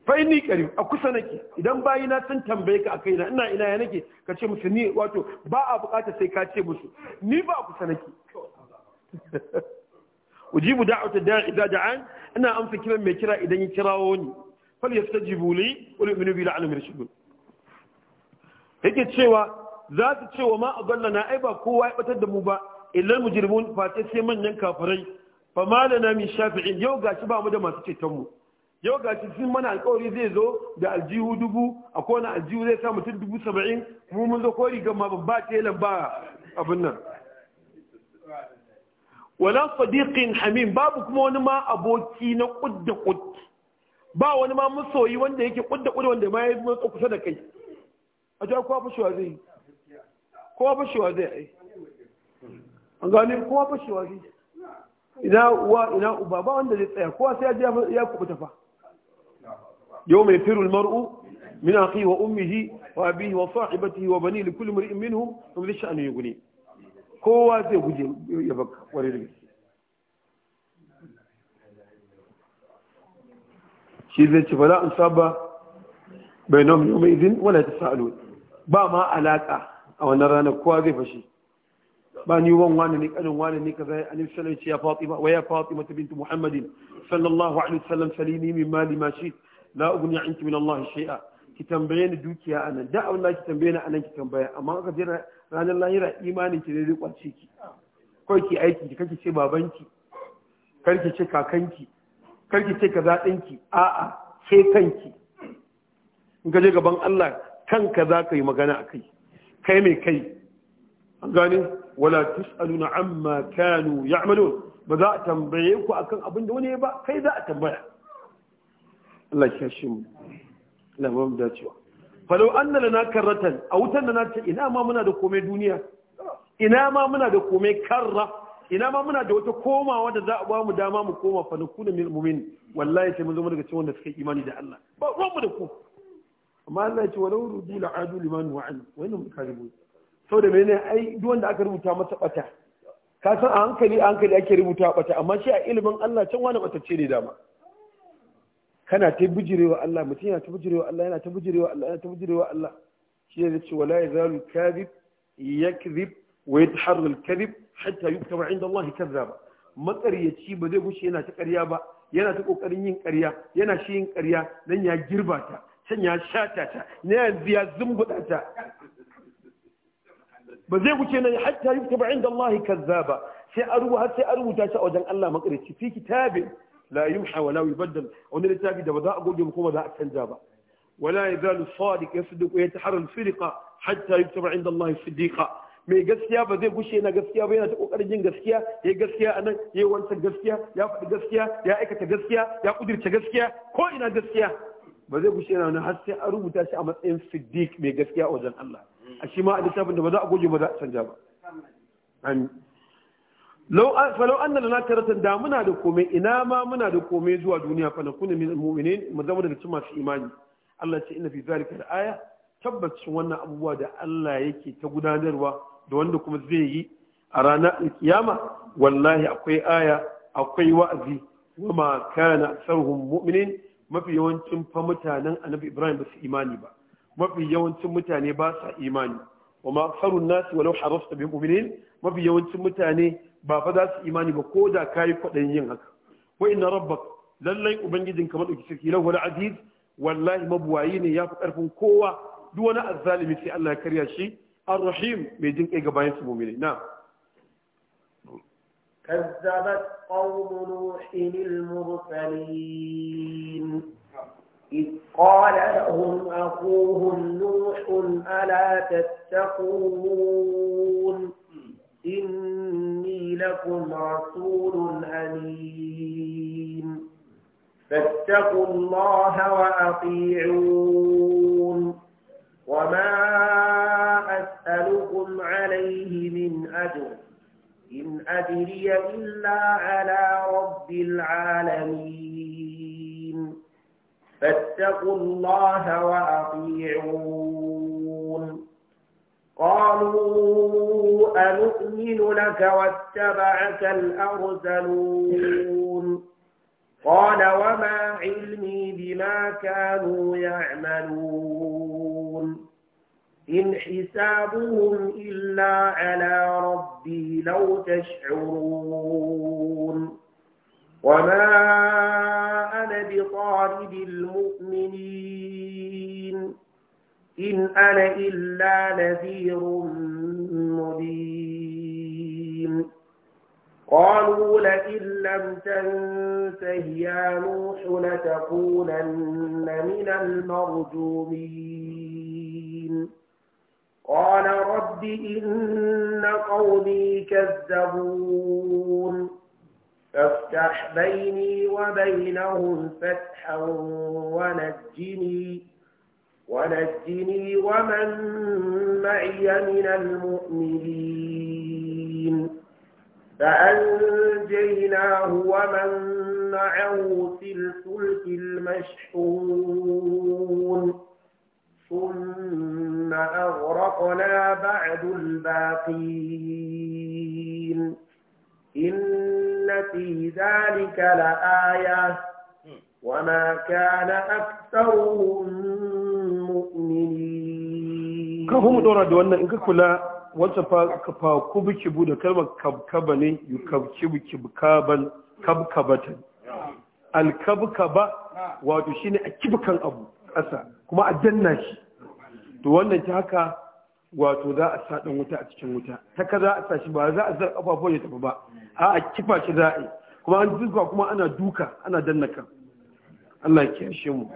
fa inni qarib a kusa nake idan bayi na san tambaye ka akai na ina ina ya nake ka ce musu ni wato ba a bukata sai ka ce musu ni ba a kusa nake ujibu da'wata da'i idza da'an ina amsa kiran mai kira idan ya kirawo ni fal yastajibu li wal yu'minu bi la'alim rashidun yake cewa za su ce wa ma adallana ai ba kowa ya batar da mu ba illal mujrimun fa sai manyan kafirai fa malana min shafi'in yau gashi ba mu da masu ceton mu yau ga shi sun mana alkawari zai zo da aljihu dubu a kowane aljihu zai sa mutum dubu saba'in kuma mun zo kori gama babba telan ba abin nan wala sadiqin hamim babu kuma wani ma aboki na kudda kud ba wani ma masoyi wanda yake kudda kud wanda ma ya zo kusa da kai a ja kowa shiwa zai kowa shiwa zai ai an gane kowa shiwa zai ina uwa ina uba ba wanda zai tsaya kowa sai ya ya kubuta fa يوم يفر المرء من أخيه وأمه وأبيه وصاحبته وبنيه لكل امرئ منهم ثم ذي الشأن يقولي كواتي يقولي يبقى وريدي شير ذي الشفلاء انصاب بينهم يومئذ ولا تسألون با ما ألاك أو نرانا كواتي فشي باني وان وان نيك ان وان نيك ذا ان يسلم يا فاطمه ويا فاطمه بنت محمد صلى الله عليه وسلم سليني من مال ما شئت la an anki min Allah shay'a ki tambaye ni dukiya anan da Allah ki tambaye ni anan ki tambaya amma aka je ranar lahira imanin ki ne zai kwace ki kai ki aiki ki kake ce babanki ki ce kakanki karki ce kaza dinki a'a ke kanki in ka je gaban Allah kanka za ka yi magana a kai mai kai an gane wala tus'aluna amma kanu ya'malun ba za a tambaye ku akan abin da wani ba kai za a tambaya Allah ya shi mu Allah ba mu dacewa falau anna lana karratan a wutan da na ce ina ma muna da komai duniya ina ma muna da komai karra ina ma muna da wata komawa da za a ba mu dama mu koma fa nakuna min mu'min wallahi sai mun zama daga cewa wanda suka imani da Allah ba ruwan mu da ku amma Allah ya ce walau rudu la adu liman wa an wa innahum da saboda mene ai duk wanda aka rubuta masa bata ka san a hankali a hankali ake rubuta bata amma shi a ilimin Allah can wani batacce ne dama kana ta bijirewa Allah mutum yana ta bijirewa Allah yana ta bijirewa Allah yana ta bijirewa Allah shi ne ce wala yazalu kadhib yakdhib wa yataharru al-kadhib hatta yuktaba inda Allah kadhaba makaryaci ba zai gushe yana ta ƙarya ba yana ta kokarin yin ƙarya yana shi yin ƙarya dan ya girba ta can ya shata ta ne yanzu ya zumbuda ta ba zai gushe nan hatta yuktaba inda Allah kadhaba sai a rubuta sai a rubuta shi a wajen Allah makaryaci fi kitabin la yumha wa yubaddal wani littafi da ba za a goge ba kuma za a canja ba wala yazalu sadiq yasduqu yataharral sirqa hatta yuktaba inda Allah siddiqa mai gaskiya ba zai gushe na gaskiya ba yana ta kokarin yin gaskiya yayi gaskiya anan ya gaskiya ya faɗi gaskiya ya aikata gaskiya ya kudirce gaskiya ko ina gaskiya ba zai gushe yana har sai an rubuta shi a matsayin siddiq mai gaskiya a wajen Allah a shi ma a littafin da ba za a goge ba za a canja ba falau an lana karatan da muna da komai ina ma muna da komai zuwa duniya fa nakuna min mu'minin mu zama daga cikin masu imani Allah ce inna fi zalika da aya tabbacin wannan abubuwa da Allah yake ta gudanarwa da wanda kuma zai yi a ranar kiyama wallahi akwai aya akwai wa'azi wa ma kana sarhum mu'minin mafi yawancin fa mutanen annabi Ibrahim ba su imani ba mafi yawancin mutane ba sa imani wa ma sarun nasi walau harasta bi mu'minin mafi yawancin mutane ba fa za su imani ba ko da kayi kwaɗayin yin haka wa inna rabbak lallai ubangijin kamar ɗauki sarki lahu aziz wallahi mabuwayi ne ya fi ƙarfin kowa duk wani azzalimi sai Allah ya karya shi ar-rahim mai jin kai ga bayan su mu'mini na كذبت قوم نوح المرسلين إذ قال لهم أخوهم نوح ألا تتقون لكم رسول أليم فاتقوا الله وأطيعون وما أسألكم عليه من أجر إن أجري إلا على رب العالمين فاتقوا الله وأطيعون قالوا أنؤمن لك واتبعك الأرذلون قال وما علمي بما كانوا يعملون إن حسابهم إلا على ربي لو تشعرون وما أنا بطارد المؤمنين إن أنا إلا نذير مبين قالوا لئن لم تنته يا نوح لتكونن من المرجومين قال رب إن قومي كذبون فافتح بيني وبينهم فتحا ونجني ونجني ومن معي من المؤمنين فأنجيناه ومن معه في الفلك المشحون ثم أغرقنا بعد الباقين إن في ذلك لآية وما كان أكثرهم mu'minin ka mu dora da wannan in ka kula wata fa kubu kibu da kalmar kabkaba ne kabkibu kibkaban kabkabatan alkabkaba wato shine a kibkan abu ƙasa kuma a danna shi to wannan ta haka wato za a saɗin wuta a cikin wuta ta ka za a sa shi ba za a zar ƙafafuwa ya tafi ba a a kifa shi za a yi kuma an zuwa kuma ana duka ana danna kan Allah ya kiyashe mu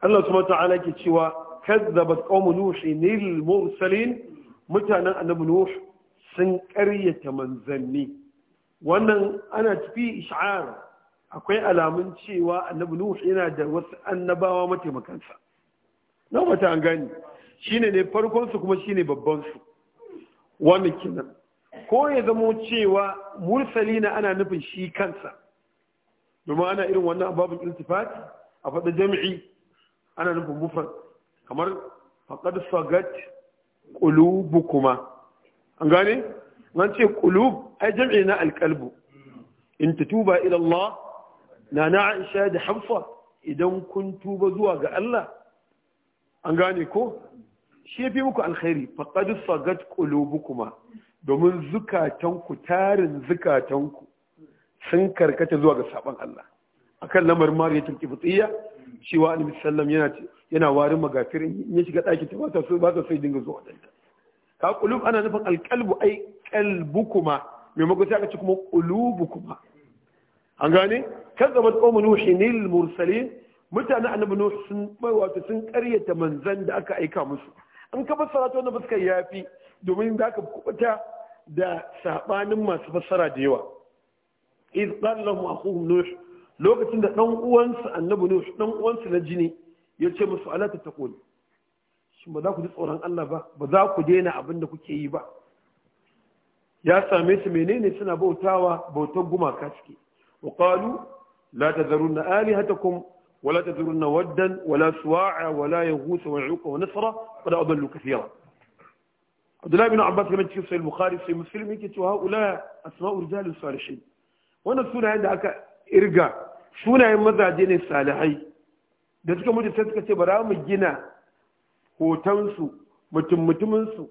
Allah subhanahu wa ta'ala ke cewa kazzabat qaumu nuhin lil mursalin mutanen annabi nuh sun karyata manzanni wannan ana tafi ish'ar akwai alamun cewa annabi nuh yana da wasu annabawa mataimakansa na mata an gani shine ne farkon su kuma shine babban su wannan kenan ko ya zama cewa mursalina ana nufin shi kansa domin ana irin wannan babin iltifat a faɗa jami'i ana nufin mufrad kamar faƙad fagat ƙulubu kuma an gane an ce ƙulub ai jam'i na alƙalbu in ta tuba ila na na Aisha da Hafsa idan kun tuba zuwa ga Allah an gane ko shi fi muku alkhairi faƙad fagat ƙulubu kuma domin zukatanku tarin zukatanku sun karkata zuwa ga saɓon Allah akan lamar mariyatul kifiyya cewa annabi sallam yana yana warin magafirin ya shiga ɗakin ta bata so bata sai dinga zuwa wajen ka kulub ana nufin alƙalbu ai kuma maimakon sai aka ci kuma kuma an gane kazzabat qawmu nuhinil mursalin mutanen annabi nuh sun bai wato sun karyata manzan da aka aika musu an ka fassara ta wannan fuskar yafi domin da aka kubuta da sabanin masu fassara da yawa iz qala a akhuhum nuh lokacin da dan uwansu annabi nuh dan uwansu na jini ya ce musu ala ta taƙo ne shi ba za ku ji tsoron Allah ba ba za ku daina abin da kuke yi ba ya same su menene suna bautawa bautar gumaka suke wa qalu la tazarunna alihatakum ولا تذرن ودا ولا سواع ولا يغوث ويعوق ونصرة قد أضلوا كثيرا عبد الله بن عباس كما تشوف في البخاري في مسلم يكتب هؤلاء أسماء رجال صالحين وانا سنة عندك إرجع سنة مزاجين da suka mutu sai suka ce ba za mu gina hotonsu mutum-mutuminsu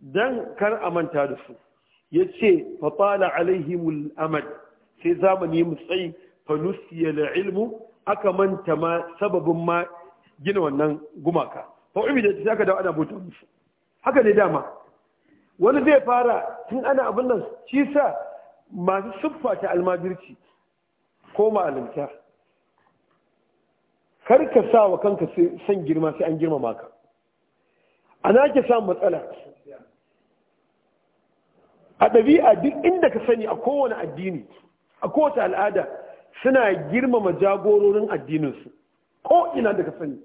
don kar a manta da su ya ce fatala alaihimul amad sai zamani mu tsayi fanusiya da ilmu aka manta ma sababin ma gina wannan gumaka wani da ta aka ana bauta musu haka ne dama wani zai fara tun ana abin nan cisa masu siffa ta almajirci ko ma'alimta kar ka sa wa kanka san girma sai an girmama ka ana ke samun matsala a ɗabi'a duk inda ka sani a kowane addini a kowace al'ada suna girmama jagororin addininsu ko ina da ka sani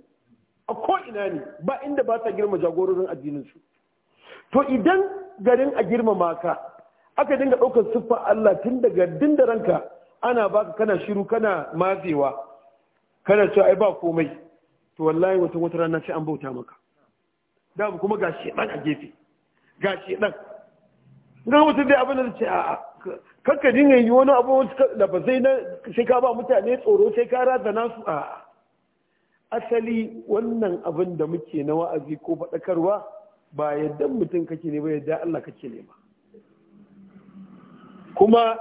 a ko ina ne ba inda ba ta girma jagororin addininsu to idan garin a girmama ka aka dinga ɗaukar siffar Allah tun daga dindaranka da ranka ana baka kana shiru kana matsewa kana cewa ai ba komai to wallahi wata wata rana sai an bauta maka da kuma gashi dan a gefe gashi dan ga mutum dai abin da ce a kanka dinga yi wani abu da ba zai na sai ka ba mutane tsoro sai ka razana su a asali wannan abin da muke na wa'azi ko faɗakarwa ba yadda mutum kake ne ba yadda Allah kake ne ba kuma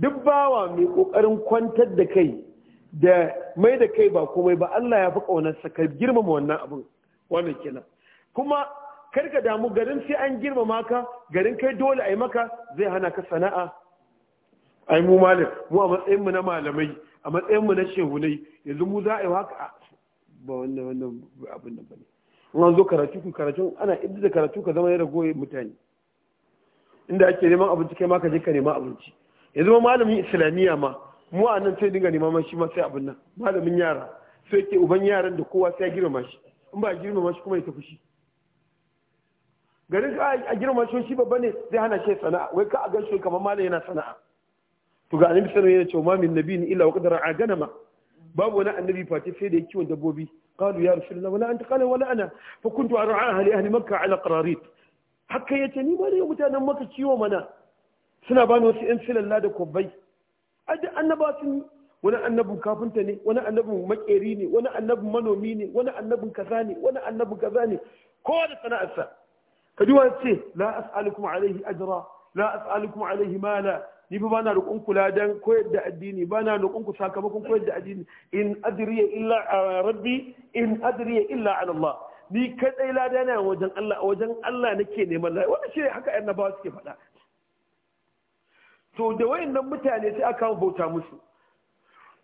duk bawa mai ƙoƙarin kwantar da kai da mai da kai ba komai ba Allah ya fi ƙaunarsa ka girmama wannan abin wannan kenan kuma kar ka damu garin sai an girmama ka garin kai dole a yi maka zai hana ka sana'a ai mu malam mu a matsayin mu na malamai a matsayin mu na shehunai yanzu mu za a yi haka ba wannan wannan abin nan bane in an zo karatu ku karatu ana idda da karatu ka zama ya ragoye mutane inda ake neman abinci kai ma ka je ka nema abinci yanzu ma malamin islamiyya ma mu a nan sai dinga neman shi ma sai abin nan malamin yara sai ke uban yaran da kowa sai ya shi in ba girmama shi kuma ya tafi shi garin ka a girma shi shi babba ne zai hana shi sana'a wai ka a gan shi kamar malam yana sana'a to ga annabi sallallahu alaihi wasallam yana cewa min nabiyin illa wa qadara a ma. babu wani annabi fati sai da kiwon dabbobi قالوا يا رسول الله ولا أنت قال ولا أنا فكنت Makka لأهل مكة على قراريط حكى يتني ما mutanen Makka ciwo mana. suna ba wasu 'yan filan da kwabbai duk annaba sun wani annabin kafinta ne wani annabin makeri ne wani annabin manomi ne wani annabin kaza ne wani annabin kaza ne kowa da sana'arsa ka ji wani ce la as'alukum alaihi ajra la as'alukum alaihi mala ni fa bana roƙon ku ladan koyar da addini bana roƙon ku sakamakon koyar da addini in adriya illa rabbi in adriya illa ala Allah ni kadai ladana wajen Allah wajen Allah nake neman ladan wannan shi haka annabawa suke faɗa to da wayannan mutane sai aka bauta musu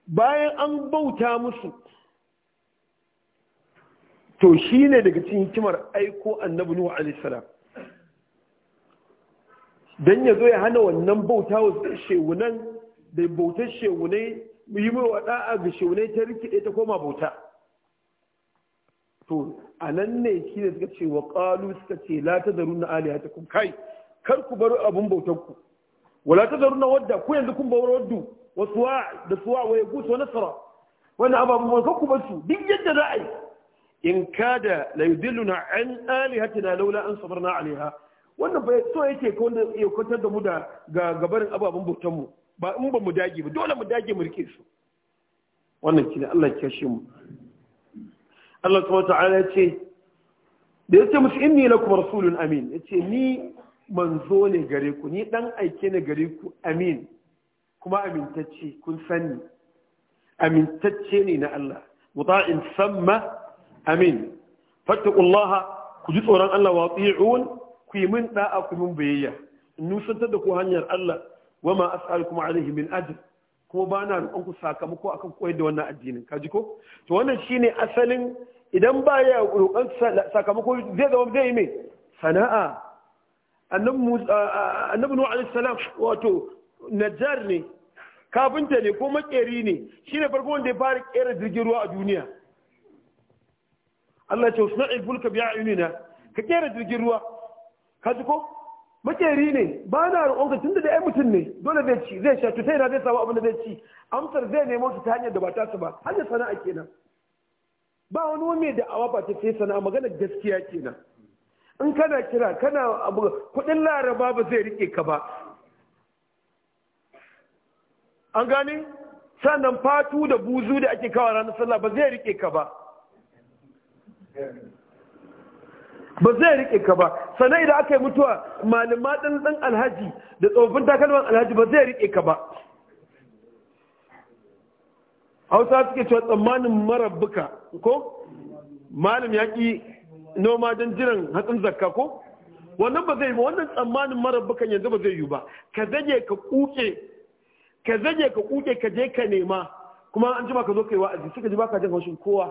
bayan an bauta musu to shi daga cikin hikimar aiko annabi nuhu salam dan ya zo ya hana wannan bauta wa shewunan da bautar shewunai yi mai a ga shewunai ta rikide ta koma bauta to a nan ne shi suka ce wa ƙalu suka ce la ta aliyatakum kai kar ku bar abun bautar ku wala tazaruna wadda ku yanzu kun bawar waddu wa suwa da suwa wa yagusu wa nasara wannan ababu ba ku bar su duk yadda za a yi in kada la yudilluna an alihatina laula an sabarna Aliha. wannan bai so yake ko wanda ya kwantar da mu da ga gabarin ababen bautan ba in ba mu dage ba dole mu dage mu rike su wannan kina Allah ya mu Allah ce da yace musu inni lakum rasulun amin yace ni manzo ne gare ku ni dan aike ne gare ku amin kuma amintacce kun sani amintacce ne na Allah muta'in samma amin fattaqullaha ku ji tsoron Allah ti'un ku yi min da'a ku min biyayya nusantar da ku hanyar Allah ma as'alukum alaihi min ajr kuma ba na roƙon ku sakamako akan koyar da wannan addinin ji ko to wannan shine asalin idan ba ya roƙon sakamako zai zama zai yi mai sana'a annabi nuhu alaihi salam wato najjar ne kafinta ne ko makeri ne shine farko wanda ya fara kera jirgin ruwa a duniya Allah ce usna'il fulka bi ayunina ka kera jirgin ruwa ka ji ko makeri ne ba na roƙonka tunda da ai mutum ne dole zai ci zai sha tutai na zai samu abin da zai ci amsar zai nemo su ta hanyar da ba ta su ba hanyar sana'a kenan ba wani wani da awa ba ta sai sana'a magana gaskiya kenan in kana kira kana abu kudin laraba ba zai rike ka ba an gane sannan fatu da buzu da ake kawo ranar sallah ba zai rike ka ba ba zai rike ka ba sannan idan aka yi mutuwa malama ɗan ɗan alhaji da tsofin takalman alhaji ba zai rike ka ba hausa suke cewa tsammanin marabbuka ko malam ya ƙi noma don jiran hatsin zakka ko wannan ba zai yi ba wannan tsammanin mara bukan yanzu ba zai yi ba ka zage ka kuke ka zage ka kuke ka je ka nema kuma an jima ka zo kai wa'azi suka ji baka jin haushin kowa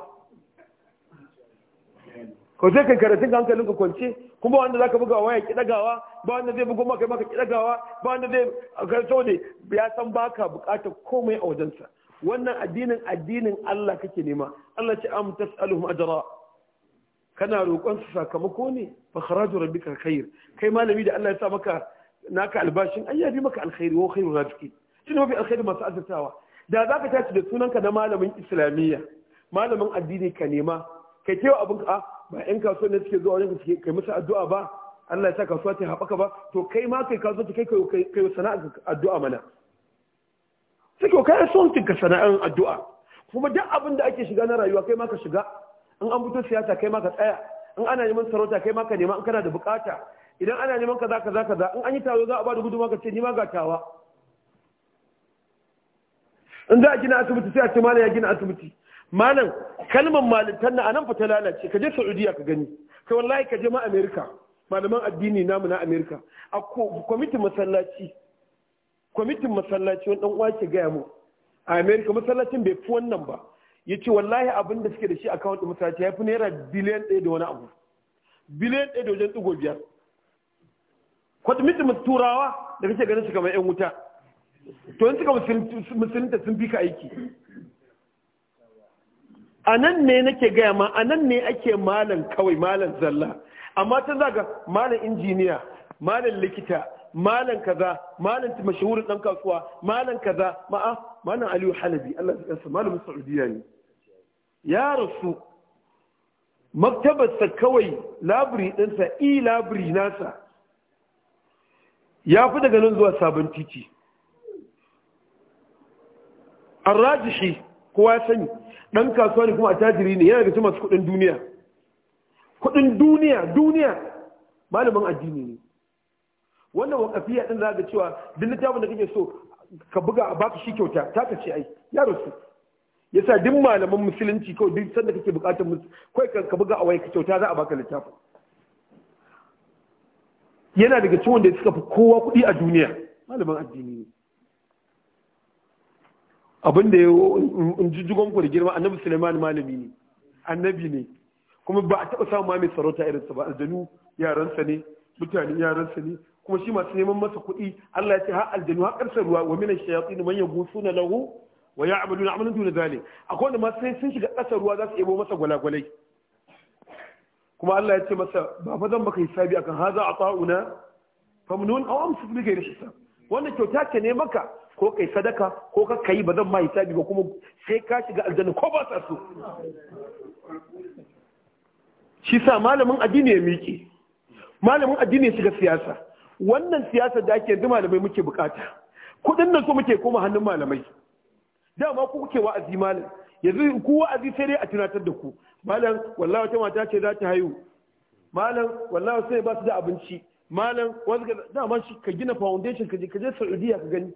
ko sai kai karatun ka hankalin ka kwance kuma wanda zaka buga waya ki dagawa ba wanda zai bugo maka maka ki dagawa ba wanda zai karso ne ya san baka bukatar komai a wajensa wannan addinin addinin Allah kake nema Allah ce am tasaluhum ajra kana rokon sakamako ne fa kharaju rabbika khair kai malami da Allah ya sa maka naka albashin ai yafi maka alkhairi wa khairu rafiqi tun mafi alkhairi masu adatawa. da zaka tashi da sunanka na malamin islamiyya malamin addini ka nema kai kewa abin ka ah, ba yan kasuwa ne suke zuwa wajen kai musu addu'a ba Allah ya sa kasuwa ta haɓaka ba to kai ma kai kasuwa ta kai kai sana'ar addu'a mana sai kai son ka sana'ar addu'a kuma duk abin da ake shiga na rayuwa kai ma ka shiga in an fito siyasa kai ma ka tsaya in ana neman sarauta kai ma ka nema in kana da bukata idan ana neman kaza kaza kaza in an yi tawo za a bada gudunmawa ka ce ni ma ga tawa in za a gina asibiti sai a ce malam ya gina asibiti malam kalmar malintan na anan fa ta lalace ka je saudiya ka gani kai wallahi ka je ma america malaman addini namu na america a kwamitin masallaci kwamitin masallaci wani dan uwa ke gaya mu a america masallacin bai fi wannan ba ya ce wallahi abin da suke da shi akawun ɗin mutane ya fi naira biliyan ɗaya da wani abu biliyan ɗaya da wajen ɗigo biyar kwatmitin turawa da kake ganin su kamar yan wuta to yin suka musulunta sun fi ka aiki a nan ne nake gaya ma a nan ne ake malam kawai malam zalla amma ta zaga malam injiniya malam likita malam kaza malam mashahurin dan kasuwa malam kaza ma'a malam aliyu halabi allah ya malam saudiya ne ya rasu maktabarsa kawai labiri ɗinsa i labiri nasa ya fi daga nan zuwa sabon titi an rajishi kowa sani ɗan kasuwa ne kuma a tajiri ne yana da masu kuɗin duniya Kuɗin duniya duniya malaman addini ne wannan wakafiya ɗin za ga cewa duk littafin da kake so ka buga a baka shi kyauta ta ka ce ai ya rasu yasa duk malaman musulunci kawai duk sanda kake bukatar musu kai kan ka buga a kyauta za a baka littafi yana daga cikin wanda suka fi kowa kuɗi a duniya malaman addini ne abin da in jigon ku da girma annabi suleiman malami ne annabi ne kuma ba a taɓa samun mai sarauta sa ba aljanu sa ne mutane yaransa ne kuma shi masu neman masa kuɗi Allah ya ce har aljanu har ƙarshen ruwa wa minan shayatin man yagusuna lahu wa ya abudu na amalin duna zalik akwai wanda masu sai sun shiga ƙasar ruwa za su yabo masa gwalagwalai kuma Allah ya ce masa ba fa zan maka hisabi akan haza a ta'una famnun aw amsik bi shi hisab wannan kyauta ce ne maka ko kai sadaka ko ka kai ba zan ma hisabi ba kuma sai ka shiga aljanna ko ba sa so shi sa malamin addini ya miƙe malamin addini ya shiga siyasa wannan siyasa da ake yanzu malamai muke bukata kudin nan so muke koma hannun malamai dama ku kuke wa'azi malam yanzu ku wa'azi sai dai a tunatar da ku malam wallahi wata mata ce za ta haihu malam wallahi sai ba su da abinci malam wasu ga dama shi ka gina foundation ka je ka je Saudiya ka gani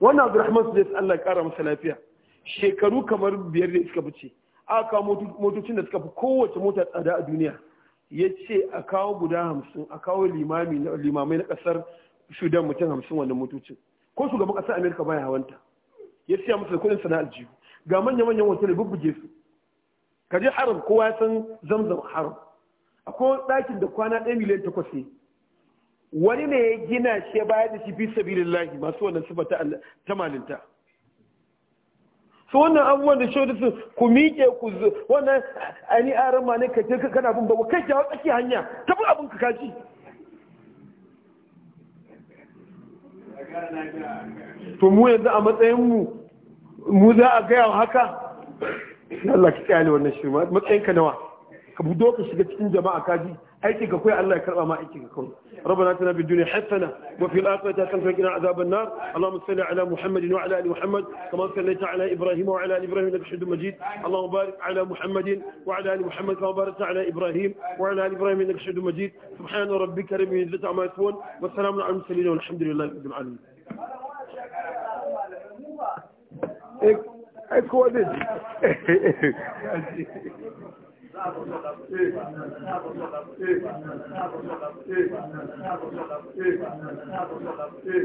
wannan Abdulrahman Sudais Allah ya kara masa lafiya shekaru kamar biyar da suka fice aka kawo motocin da suka fi kowace mota tsada a duniya ya ce a kawo guda hamsin a kawo limamai na kasar sudan mutum hamsin wannan motocin ko shugaban kasar amerika baya hawanta ya siya musu da kudin sana'ar jihu ga manya-manyan hotel bubbuge su ka je haram kowa ya san zamzam haram akwai ɗakin da kwana ɗaya miliyan takwas ne wani ne ya gina shi ya bayar da shi fi sabilillahi masu wannan sifa ta malinta su wannan abubuwan da shaidu su ku miƙe ku wannan ani aran ma ne ka ce ka kana bin babu kai jawo tsaki hanya ta bin abin ka kaji to mu yanzu a matsayin mu mu za a gaya haka Allah ki tsaya wannan shi matsayin ka nawa ka budo ka shiga cikin jama'a kaji aiki ka koyi Allah ya karba ma aiki ka kawai rabbana atina fid dunya hasana wa fil akhirati hasana wa qina adhaban nar allahumma salli ala muhammadin wa ala ali muhammad kama sallaita ala ibrahim wa ala ali ibrahim innaka hamidum majid allahumma barik ala muhammadin wa ala ali muhammad kama barakta ala ibrahim wa ala ali ibrahim innaka hamidum majid subhana rabbika rabbil izzati amma yasifun wa ala É, é coisa de.